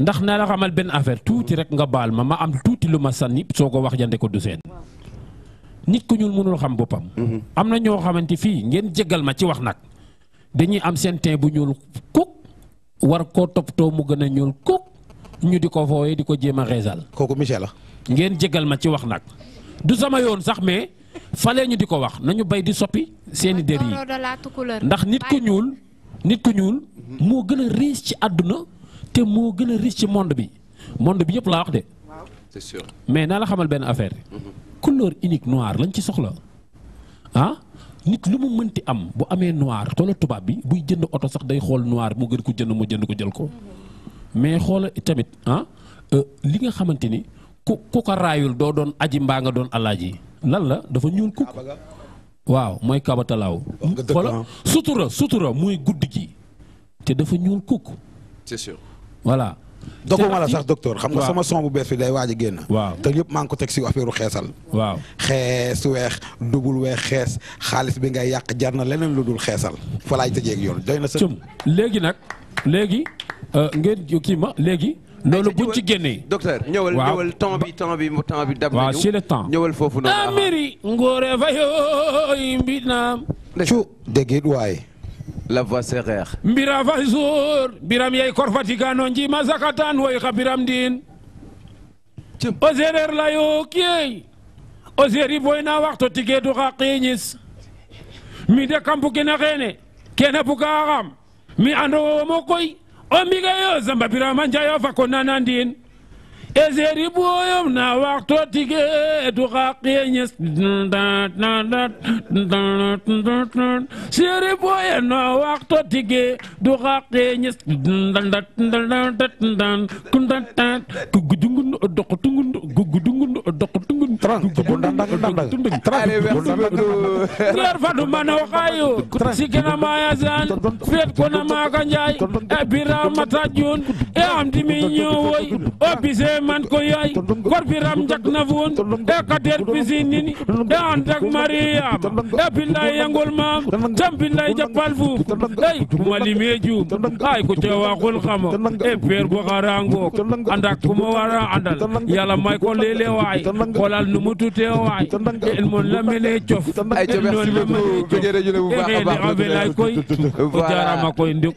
ndax na la xamal benn affaire tuuti rek nga baal ma ma am tuuti lu ma sànni soo ko wax jante ko du seen nit ku ñuul mënul xam boppam. Mhm. am na ñoo xamante fii ngeen jéggal ma ci wax nag dañuy am seen teint bu ñuul kuk war koo toppatoo mu gën a ñuul kuk ñu di ko fooyee di ko jéem a reesal. kooku Michel la. ngeen jéggal ma ci wax nag du sama yoon sax mais fale ñu di ko wax nañu bay di soppi seeni der yi ndax nit ku ñuul nit ku ñuul mhm. moo gën a riis ci àdduna. te moo gën a riche ci monde bi monde bi yëpp laa wax de. mais naa la xamal benn affaire. Mm-hmm. couleur unique noir lañ ci soxla ah. nit lu mu mënti am bu amee noir toola tubaab bi buy jënd oto sax day xool noir mu gën ko jënd mu jënd ko jël ko mm-hmm. mais xoola tamit ah euh, li nga xamante ni ku ku ko raayul doo doon aji mbaa nga doon yi lan la dafa ñuul kuk waaw mooy kabatalaaw xoola sutura sutura muy guddi gi te dafa ñuul kuk voilà. doko la sax docteur xam nga sama son bu bes fi day waji génn. waaw te yëpp man ko tek ci affaireu xessal waaw xess wex dubul wex xess xaliss bi ngay yak jarna leneen lu dul xeesal fa lay tëjee yoon doyna sa na. legui nak legui euh ngeen yu ki ma legui lolu buñ ci genné docteur ñëwal ñëwal temps bi temps bi temps bi dab ñu ñëwal fofu noonu. amiri ngoore fa yooyu mbi naam. cu dégg it waaye. la voix sérère mbira fay suur mbiram yey kor fatigano njima sakatan woy xa biram ndin o sereer leyo kiyey o seerib woy na waxto tigeedu xa qiñis mi de kam bugina xeene kene buga axam mi ando womo koy o mbigeyo samba birama njayo fako nana ndin eseri boyom na waxto tige tu xaqiye ñes seri boye na waxto tige du xaqiye ñes kundantan gugudungun doqotungun gugudungun doqotungun reer fadu mano xayo sikena maya san fet kona maka njaay e birama tajun e amdimi ñowoy o bisem man ko yaay kor biram jak na foon e kater pisi nini e andak mariyam e pillay yangol maam jam pillay jappal fuuf ey kuma lime juum ay ku tewa xul xama e peer bo xara ngook andak kuma wara andal yala may ko lele waay xolal numu tute waay el mon la cof ay cof merci beaucoup ko jere bu baax a e baax koy ko [laughs] jarama koy nduk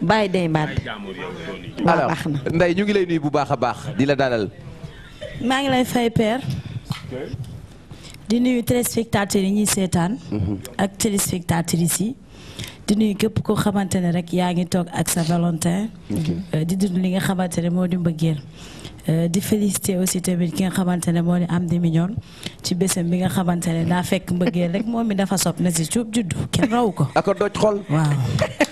bàyyi day mbaat alors baax na Ndeye ñu ngi lay nuyu bu baax a baax di la dalal. maa ngi lay fay père. di nuyu téléspectateurs yi ñuy seetaan. Mhm. ak téléspectatrices si di nuyu képp koo xamante ne rek yaa ngi toog ak sa Valentin. Euh, di dund li nga xamante ne moo di mbëggeel. Euh, di félicité aussi tamit ki nga xamante ne moo di Amdy Mignon ci bésam bi nga xamante ne daa fekk mbëggeel rek moom mi dafa sob na si cuub juddu kenn raw ko. ak doj xol. waaw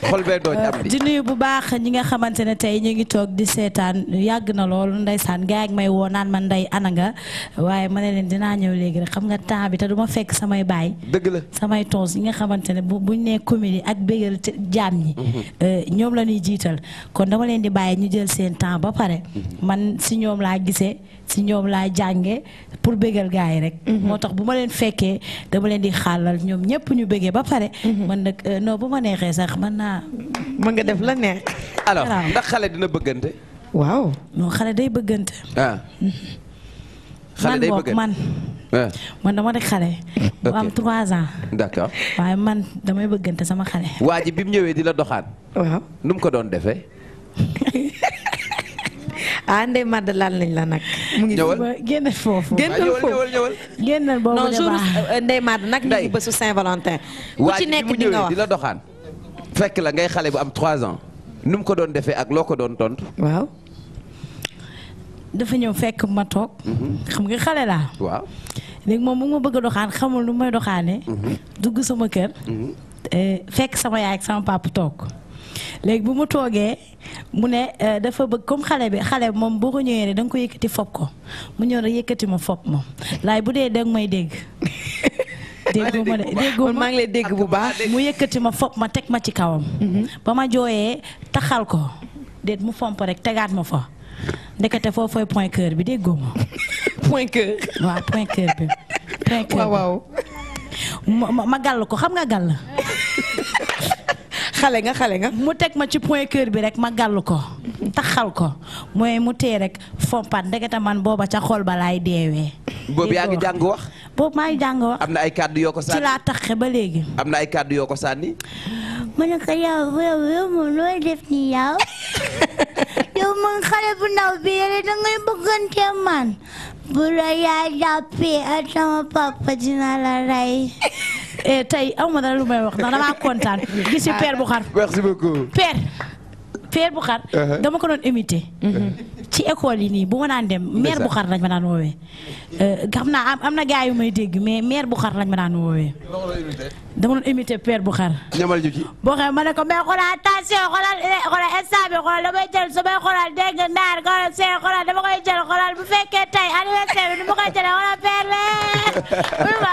xol bee doj am euh, di nuyu bu baax ñi nga xamante ne tey ñu ngi toog di seetaan yàgg na loolu ndeysaan gaa may woo naan man ndey ana nga waaye ma ne leen dinaa ñëw léegi rek xam temps bi te du fekk samay baay. dëgg la samay tons yi nga xamante ne bu buñ nee comédie ak bégal jaam ñi. Mm-hmm. Euh, ñoom la ñuy jiital kon dama leen di bàyyi ñu jël seen temps ba pare mm-hmm. man si ñoom laa gisee si ñoom laa jànge pour bégal gars yi rek. Mhm. moo tax bu ma leen fekkee dama leen di xaalal ñoom ñëpp ñu bégee ba pare. Mhm. man nag euh, non bu ma neexee sax mën naa. mën nga def la neex. alors xale dina bëggante. waaw non xale day bëggante. ah. Mhm. xale man man. Ah. man dama nekk xale. bu am 3 ans. d'accord waaye man damay bëggante sama xale. waa bi mu ñëwee di la doxaan. waaw ko doon defee. [laughs] ah Ndeye Mada laal nañ la nag. mu ngi génnal foofu ah, génnal foofu génnal boobu non jour ndey Mada nak ñu ngi Saint-Valentin. ku ci nekk di nga wax di la doxaan. fekk la ngay xalé bu am 3 ans num ko doon defee ak loko ko doon tontu. waaw. dafa ñëw fekk ma tok mhm. xam nga xalé la waaw nek mom mu bëgg a doxaan xamul nu may doxane mhm. dugg sama kër. Mhm. Eh, fekk sama yaay ak sama papa tok léegi bu mu toogee mu ne euh, dafa bëgg comme xale bi xale bi moom boo ko ñëwee ne da ko yëkkati fob ko mu ñëw rek yëkkati ma fob moom laay bu dee danga may dégg [laughs] déggoo ma maa ngi lay dégg bu baax mu yëkkati ma fob ma teg ma ci kawam mm-hmm. ba ma jooyee taxal ko déet mu fomp rek tegaat ma fa ndekete foofu fooy point cœur bi déggoo ma [laughs] point cœur waaw point cœur bi ma gàll ko xam nga gàll [laughs] xalé nga xalé nga. mu tek ma ci point cœur bi rek ma galu ko taxal ko moy mu tee rek fompat ndegata man boba ca xol ba lay deewee. bob yaangi jang wax. bob maa jang wax. amna ay cadeau yoko sani ci la taxé ba légui amna ay cadeau yoko sani sànni. ne ko yow yow yow def ni yaa yow [laughs] man xalé bu naw bi yéen da ngay bëggante man bu la yaa jappé ak sama papa dina la ray [laughs] Eh, tey aw ma dara lu may wax ndax damaa kontaan gis si ah. père bu xar. merci beaucoup père. père bu xar dama ko doon imité ci école yi nii bu ma naan dem mère bu xar lañ ma daan woowee xam naa am na gars yu may dégg mais mère bu xar lañ ma naan woowee dama doon imité père bu xar ñamal ju ci boo xam ma ne ko mais xoolal attention xoolal xoolal instant bi xoolal damay jël su may xoolal dégg nga ndaar xoolal see xoolal dama koy jël xoolal bu fekkee tey anniversaire bi ni ma koy jëlee xoolal père mais xoolal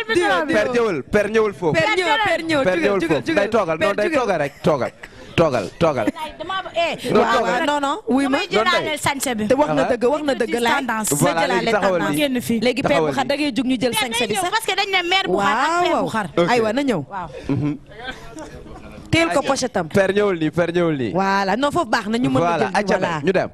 attention père ñëwal père ñëwal day toogal non day toogal rek toogal toogal toogal. waaw non non wuy ma te wax na dëgg wax na dëgg laay. voilà léegi taxawal lii léegi Père Boukhar da ngay jug ñu jël sañse bi sax. parce que dañ ne Mère Boukhar ak Père Boukhar. na ñëw. Mhm. teel ko poche tam. Père ñëwul nii Père ñëwul nii. na ñu mën a jël. voilà ñu dem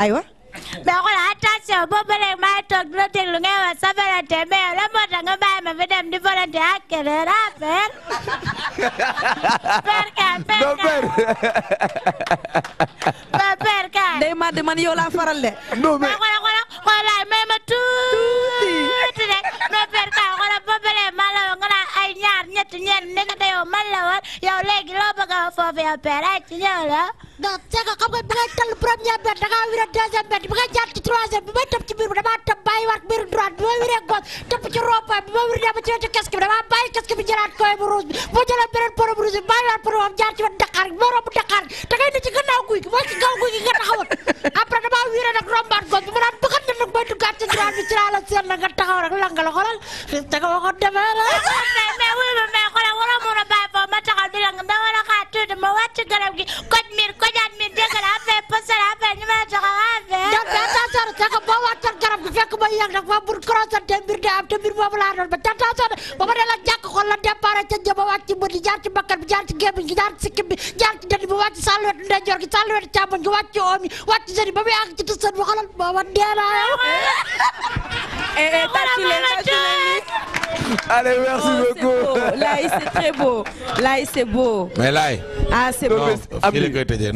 mais xoolal attention boobu ba léegi maa ngi toog di la déglu ngay wax sa volonté mais la moo tax nga bàyyi ma fi dem di volonté ak keneen ah père. père ka père ka père ka. day ma de man yow laa faral de. non mais xoolal xoolal xoolal may ma tuuti rek mais père ka xoolal boobu ba léegi maa la woon nga naan ay ñaar ñett ñeent nekk na yow man la woon yow léegi loo bëgg a foofu yow père ay ci ñëw la. Datsega kamga bengal bram nya ben da wira deuxième ben bi nga jaar ci troisième bi may tëb ci biir bi dama tëb bàyyi waat biir droite bi ma wiree gauche tëb ci rond-point bi ma wiree ba ci wetu casque bi dama bàyyi casque bi jëlaat koy bu rouge bi boo jëlee beneen porom rouge bi bàyyi waat porom jaar ci wetu Dakar bi ma romb Dakar da ngay ne ci gannaaw guy gi mooy ci gaw guy gi nga taxawoon après dama wiree nag rombaat gauche bi Allez, merci oh, beaucoup. Beau. Là, c'est très beau. Là, c'est beau. Mais là, ah, c'est beau. Bon.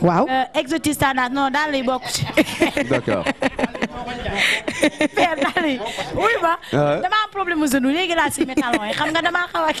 waaw euh, exotis tendance ah, non daal lay bokk ci. d'accord. père daal lay wuy problème mu léegi laa si métalon yi xam nga damaa xaw a [laughs]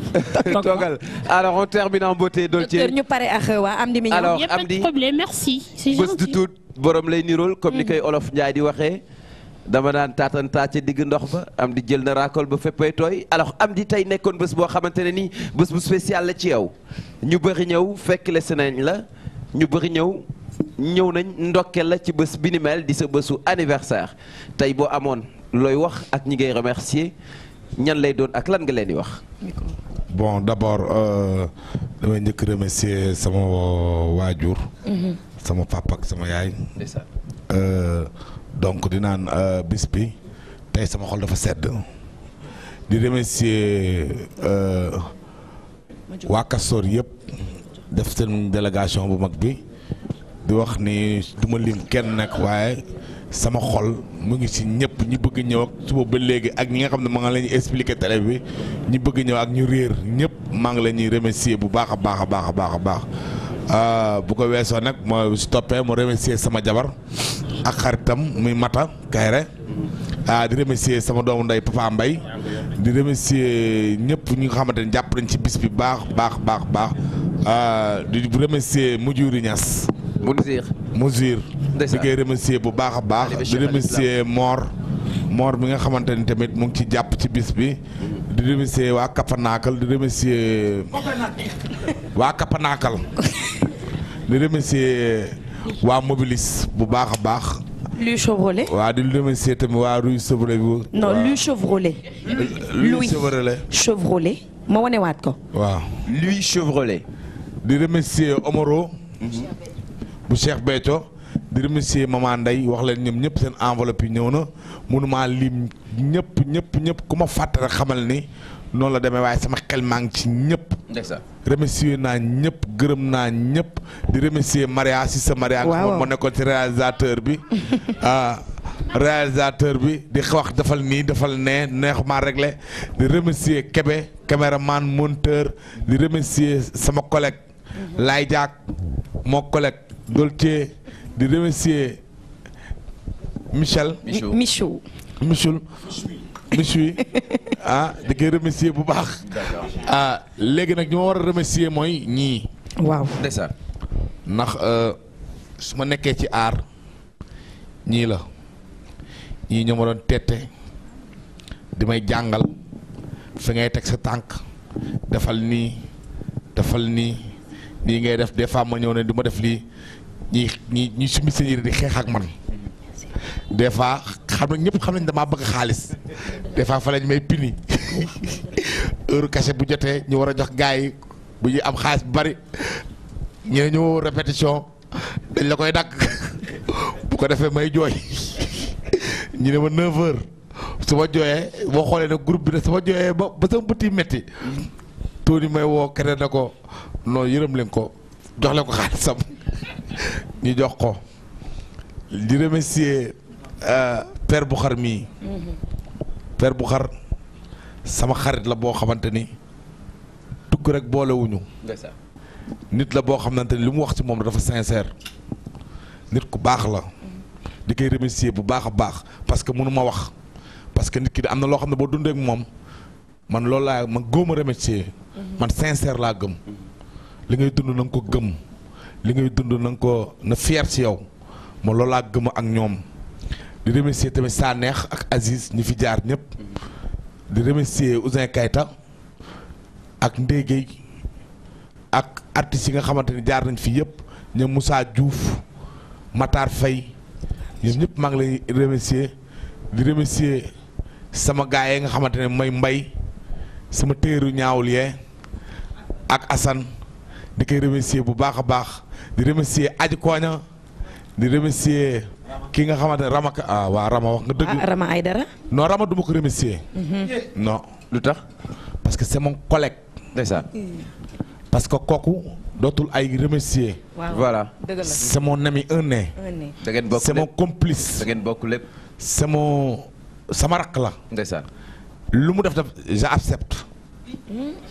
[laughs] toogal alors on termine en beauté Dolce ñu pare ak waa am di mi ñëw yëpp am di problème merci c'est gentil bés du borom lay nirool comme ni mm. kay olof Njaay di waxee dama daan taatantaa ci dig ndox ba am di jël na rakol ba féppay toy alors am di tay nekkoon bëss bo xamante ne nii bu spécial la ci yow ñu bëri ñëw fekk le nañ la ñu bëri ñëw ñëw nañ ndokkeel la ci bëss bi ni mel di sa bëssu anniversaire tay bo amone loy wax ak ñi ngay remercier ñan lay doon ak lan nga leen di wax bon d'abord euh, damay njëkk remercier sama waajur. Mhm. sama papa ak sama yaay. Euh, donc di naan euh, bis bi tey sama xol dafa sedd di remercier waa Castor yëpp def seen délégation bu mag bi di wax ni duma lim kenn nekk waaye. sama xol mu ngi ci ñëpp ñu bëgg ñëw ak suba ba léegi ak ñi nga xam ne maa ngi leen di expliquer bi ñu bëgg ñëw ak ñu réer ñëpp maa ngi leen di remercier bu baax a baax baax a baax a baax euh, bu ko weesoo nag ma si toppee mu remercier sama jabar ak xaritam muy Mata Kayre ah di remercier sama doomu ndey Papa Mbaye di remercier ñëpp ñi nga xamante ne jàpp nañ ci bis bi baax baax baax baax euh, di remercier Mujuri Ñas Mouzir, Mouzir. di koy remercier beaucoup. baax di remercier Mor Mor bi nga xamante ni tamit mu ngi ci jàpp ci bis bi di remercier Wa Kapanakal di remercier Wa Kapanakal di remercier Wa Mobilis bu baax baax Louis Chevrolet. waa di remercier tamit waa Louis Chevrolet bu non Louis Chevrolet Louis Chevrolet Chevrolet ma wanewaat ko waaw Louis Chevrolet di remercier Omoro mhm. bu Cheikh Béthio di remercier maman Ndeye wax leen ñoom ñëpp seen enveloppe ñëw na mënumaa lim ñëpp ñëpp ñëpp ku ma fàttara xamal ni noonu la demee waaye sama xel maa ci ñëpp. remercier naa ñëpp gërëm naa ñëpp di remercier Maria si sa Maria. waaw moom moo nekkoon ci réalisateur bi. [laughs] Ah, réalisateur bi di wax defal nii defal nee neexu maa réglé di remercier Kébé caméraman monteur di remercier sama collègue. Mhm. Lay Diak moo collègue. Dolce di remercier Michel. Michou Michou. Michou [laughs] ah di koy remercier bu baax. ah léegi nag ñu ma war a remercier mooy ñii. waaw ndeysaan ndax euh, su ma nekkee ci aar ñii la ñii ñoo ma doon tette di may jàngal fi ngay teg sa tànk defal nii defal nii lii ngay def des fois ma ñëw ne du ma def lii. ñi ñi ñi summi seen yére di xeex ak man des fois xam na ñëpp xam nañ damaa bëgg xaalis des fa lañ may pini [laughs] heure cachet bu jotee ñu war a jox gaa yi bu ñuy am xaalis bu bari ñu ñëw répétition dañ la koy dakk [laughs] bu ko defee may jooy [laughs] ñu ne ma 9 heures su ma jooyee boo xoolee ne group bi ne su ma jooyee ba ba sama bët yi métti. Mm. tuuti may woo keneen na ko noonu yërëm leen ko. jox la ko xaalisam [laughs] ñu jox ko di remercier euh, per bu xar mii mm-hmm. per bu xar sama xarit la boo xamante ni tukk rek boolewuñu nit la boo xamante ni li mu wax ci moom dafa sincère nit ku baax la mm-hmm. di koy remercier bu baax a baax parce que mënu ma wax parce que nit ki am na loo xam ne boo dundeek moom man loolu laa man a remercier mm-hmm. man sincère laa gëm li ngay dund na nga ko gëm li ngay dund na nga ko na fier ci yow ma loolaa gëm ak ñoom di remercier tamit Sanex ak Aziz ñi fi jaar ñëpp di remercier Ouzin Keita ak Ndégué ak artistes yi nga xamante ni jaar nañ fii yëpp ñoom Moussa Diouf Matar Faye ñun ñëpp maa ngi lay remercier di remercier sama gaay yi nga xamante ne mooy Mbaye sama téeru ñaawul yee ak Assane de remercier bu de di remercier aji koña di remercier ki nga xamante ne Rama ah wa Rama wax nga deug ah Rama non Rama du remercier. Mm-hmm. non lutax parce que c'est mon collègue. ndeysaan parce que kokou dotul ay remercier. voilà c'est mon ami un né c'est mon complice. da ngeen bokk lepp c'est mon sama rak la. ndeysaan lu mu def j'accepte. Mm.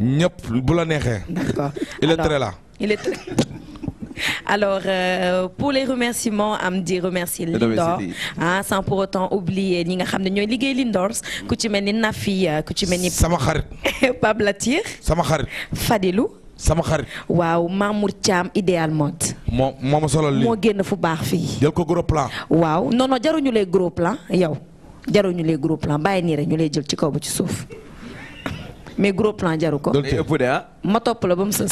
ñëpp bu la neexee. d'accord [laughs] il est très là. il est très [laughs] alors euh, pour les remerciements am di remercier Lindor ah sans pour autant oublier ñi nga xam ne ñooy liggéey Lindors ku ci mel ni Nafi euh, ku ci mel ni. sama xarit [laughs] Pape Latir. sama xarit Fadilou. sama xarit. waaw Mamour Thiam idéal mode. moo moo ma solal lii moo génn fu baax fii. jël ko gros plan. waaw non non jaruñu lay gros plan yow jaruñu lay gros plan bàyyi ni rek ñu lay jël ci kaw ba ci suuf mais gros plan jaru ko. Ah? ma top la bam mu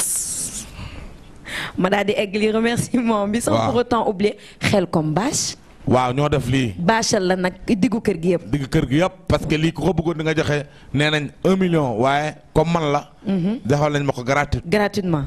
ma daal di egli remerciement bi. sans pour autant oublier xel comme bâche. waaw ño def li bâchal la nag diggu kër gi yëpp. diggu kër gi yëpp parce que li ko bëggoon nga joxé nee 1 million waaye comme man la. Mhm. defal lañ mako ko gratuit. gratuitement.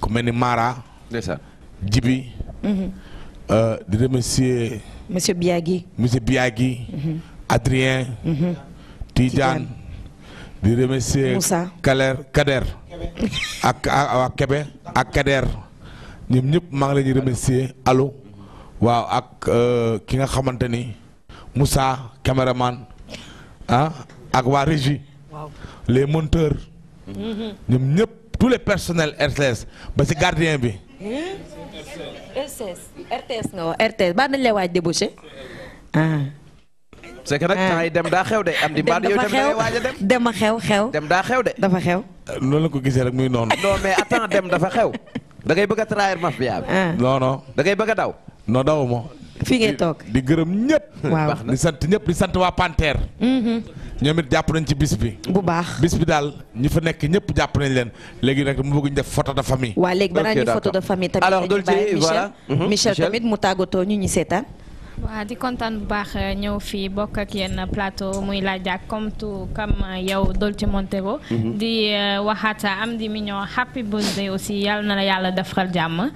ku mel ni Mara. ndeysaan Jibi. Mhm. Euh, di remercier. monsieur Biagui. monsieur Biagui. Mhm. Adrien. Mhm. Tidiane. di remercier. Moussa Kaler Kader. [laughs] ak ak Kebe ak Kader. ñoom ñëpp maa ngi leen di allo. waaw ak euh, ki nga xamante ni. Moussa caméraman ah, ak waa régie. les monteurs. ñoom ñëpp. tous les personnels RTS ba c'est gardien bi. Hmm? RTS RTS RTS baax les lois que débauché ah. c'est que ça ah. dem xew de am dem dem dem euh, non mais attends dem dafa xew. trahir ah. non non fi ngeen toog di gërëm ñëpp. [laughs] waaw di sant ñëpp di sant waa Panthère. Mm-hmm. ñoom it jàpp nañ ci bis bi. bu baax bis bi daal ñu fa nekk ñëpp jàpp nañ leen léegi nag mu bëgg ñu def photo de famille. ok waaw léegi balaa ñuy photo de famille tamit. alors mm-hmm. Michel Michel tamit mu tàggatoo ñu ñu seetaan. waaw di kontaan bu baax euh, ñëw fii bokk ak yenn plateau muy laaj ak comme tout comme euh, yow Dolce Montego mm-hmm. di euh, waxaat Amdy Mignon happy birthday aussi yàlla na la yàlla defal jàmm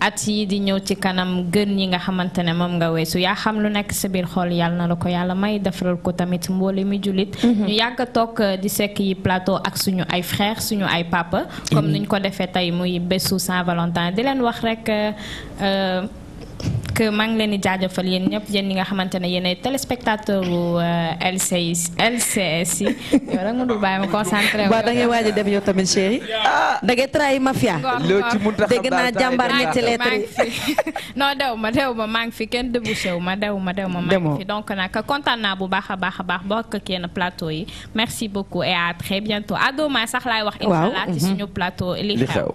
at yi di ñëw ci kanam gën yi nga xamante ne moom nga weesu yaa xam lu nekk sa biir xool yàlla na la ko yàlla may defaral ko tamit mboole mi jullit mm-hmm. ñu yàgg a toog di sekk yi plateau ak suñu ay frère suñu ay papa comme mm-hmm. nuñ ko defee tey muy bésu Saint Valentin di leen wax rek que maa ngi leen di jaajëfal yéen ñëpp yéen ñi nga xamante ne yéen ay téléspectateur u euh, LCS LCS yi yow rek mu dul bàyyi ma concentré waaw da ngay waaj a ah. da ngay trahi mafia dégg naa jàmbaar ñetti [laughs] dew ma dew ma maa ngi fi kenn débouché wu ma dew ma dew ma maa ngi fi donc nag kontaan naa bu baax a baax a baax bokk ak yéen plateau yi merci beaucoup et à très bientôt adooma sax laay wax incha allah mhm. suñu plateau li xew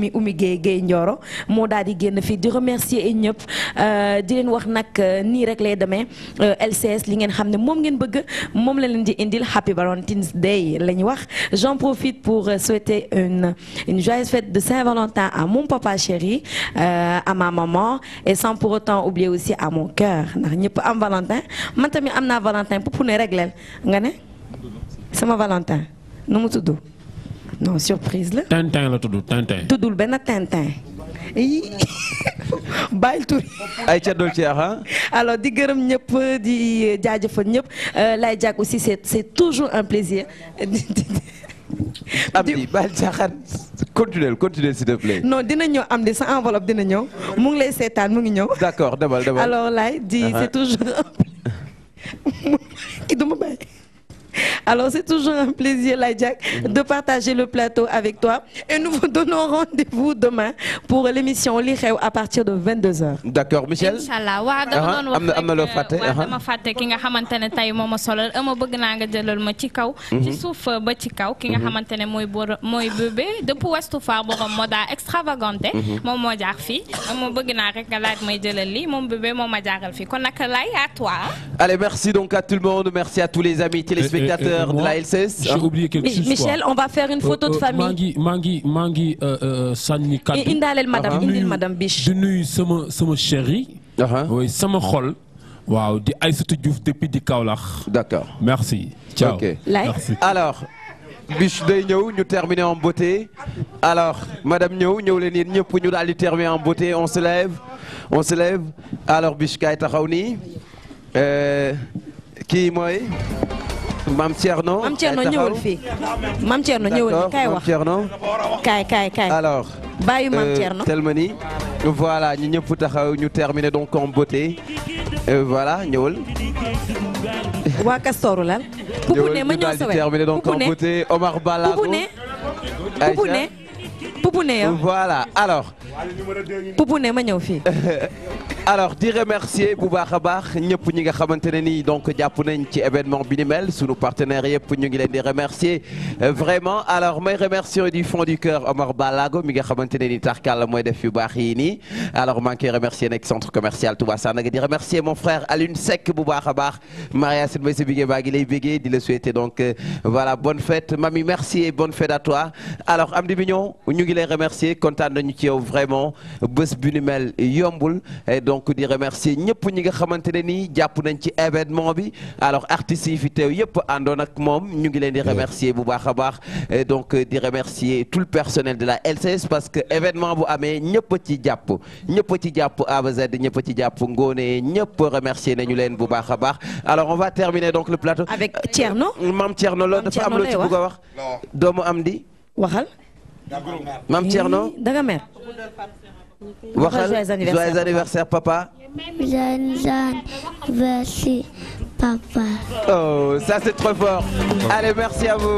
Oumy Oumy Gay Guèye Ndioro moo daal di génn fii di remercier ñëpp euh, di leen wax nag euh, ni rek lay demee euh, LCS li ngeen xam ne moom ngeen bëgg moom la leen di indil Happy Valentine's Day la wax j'en profite pour souhaiter une une joyeuse fête de Saint-Valentin à mon papa chéri à ma maman et sans pour autant oublier aussi à mon cœur ndax ñëpp am Valentin man tamit am naa Valentin pour ne rek leen nga ne sama Valentin nu mu tudd non surprise là. Tintin la tudd Tintin. tuddul benn Tintin. bàyyil tur. ay caddool tout. aha alors di gërëm ñëpp di jaajëfal ñëpp euh, lay jàkk aussi c'est est toujours un plaisir. [laughs] am di baal caaxaan continuez continuez s'il te plaît. non dina ñëw am di enveloppe dina ñëw mu ngi lay seetaan mu ngi ñëw. d'accord accord demal alors lay di c'est uh-huh. toujours. [laughs] ki du ma alors, c'est toujours un plaisir, Lajak, mhm. de partager le plateau avec toi. Et nous vous donnons rendez-vous demain pour l'émission L'Irew à partir de 22h. D'accord, Michel. allez merci donc à tout le monde merci à tous les amis téléspectateurs de la LCS. J'ai oublié quelque chose. Michel, on va faire une photo de euh, euh, famille. Mangi, Mangi, Mangi, euh, Sanni, Kadou. Indalel madame, ah, indil madame Bich. De nuit, sama, sama chéri. Uh-huh. Oui, sama khol. Waouh, de Aïssatou Diouf depuis de Kaolach. D'accord. Merci. Ciao. Ok. Merci. Alors. Bich day ñëw ñu terminer en beauté alors madame ñëw ñëw leen ñëpp ñu daal terminer en beauté on se lève on se lève alors Biche kaay taxaw nii kii mooy Mam Thierno. maam Thierno ñëwal fii maam Thierno ñëwal fii kaay wax kay kay kay alors bàyyi Mam euh, Tierno Telmani voilà ñu ñëpp taxaw ñu terminer donc en beauté euh, voilà ñëwal. Wa Kastoru lan. Poupoune [laughs] ma ñëw sa terminer donc en beauté Omar Balago Poupoune Poupoune Poupoune yow ah. voilà alors. Poupou ne [laughs] alors di remercier bouba baax nous baax ñëpp ñi nga donc nañ ci événement bi ni mel partenariats partenaires yëpp ñu ngi remercier euh, vraiment alors mes remerciements du fond du cœur Omar Balago mi nga xamante ne nii tarkal mooy def yu baax yi ni alors je remercier le centre commercial Touba Sandaga di remercier mon frère Alun Seck bu baax Maria c'est Mbaye sa bigee baa ngi lay le souhaiter donc euh, voilà bonne fête mami merci et bonne fête à toi alors Amdi Mignon ñu ngi lay remercier content de ci yow vraiment vraiment bus bu yombul et donc di remercier ñëpp ñi nga xamantene ni japp nañ ci événement bi alors artistes yi fi tew yëpp andon ak mom ñu ngi leen di remercier bu baaxa baax et donc di remercier tout le personnel de la LCS parce que événement bu amé ñëpp ci japp ñëpp ci japp A ba Z ñëpp ci japp Ngone ñëpp remercier nañu leen bu baaxa baax alors on va terminer donc le plateau. avec Tierno, euh, Mam Tierno, Lo dafa am lo ci bëgg wax am di waxal. Mam Tierno mm, joyeux anniversaire papa. joyeux anniversaire papa. oh ça c'est trop fort. allez merci à vous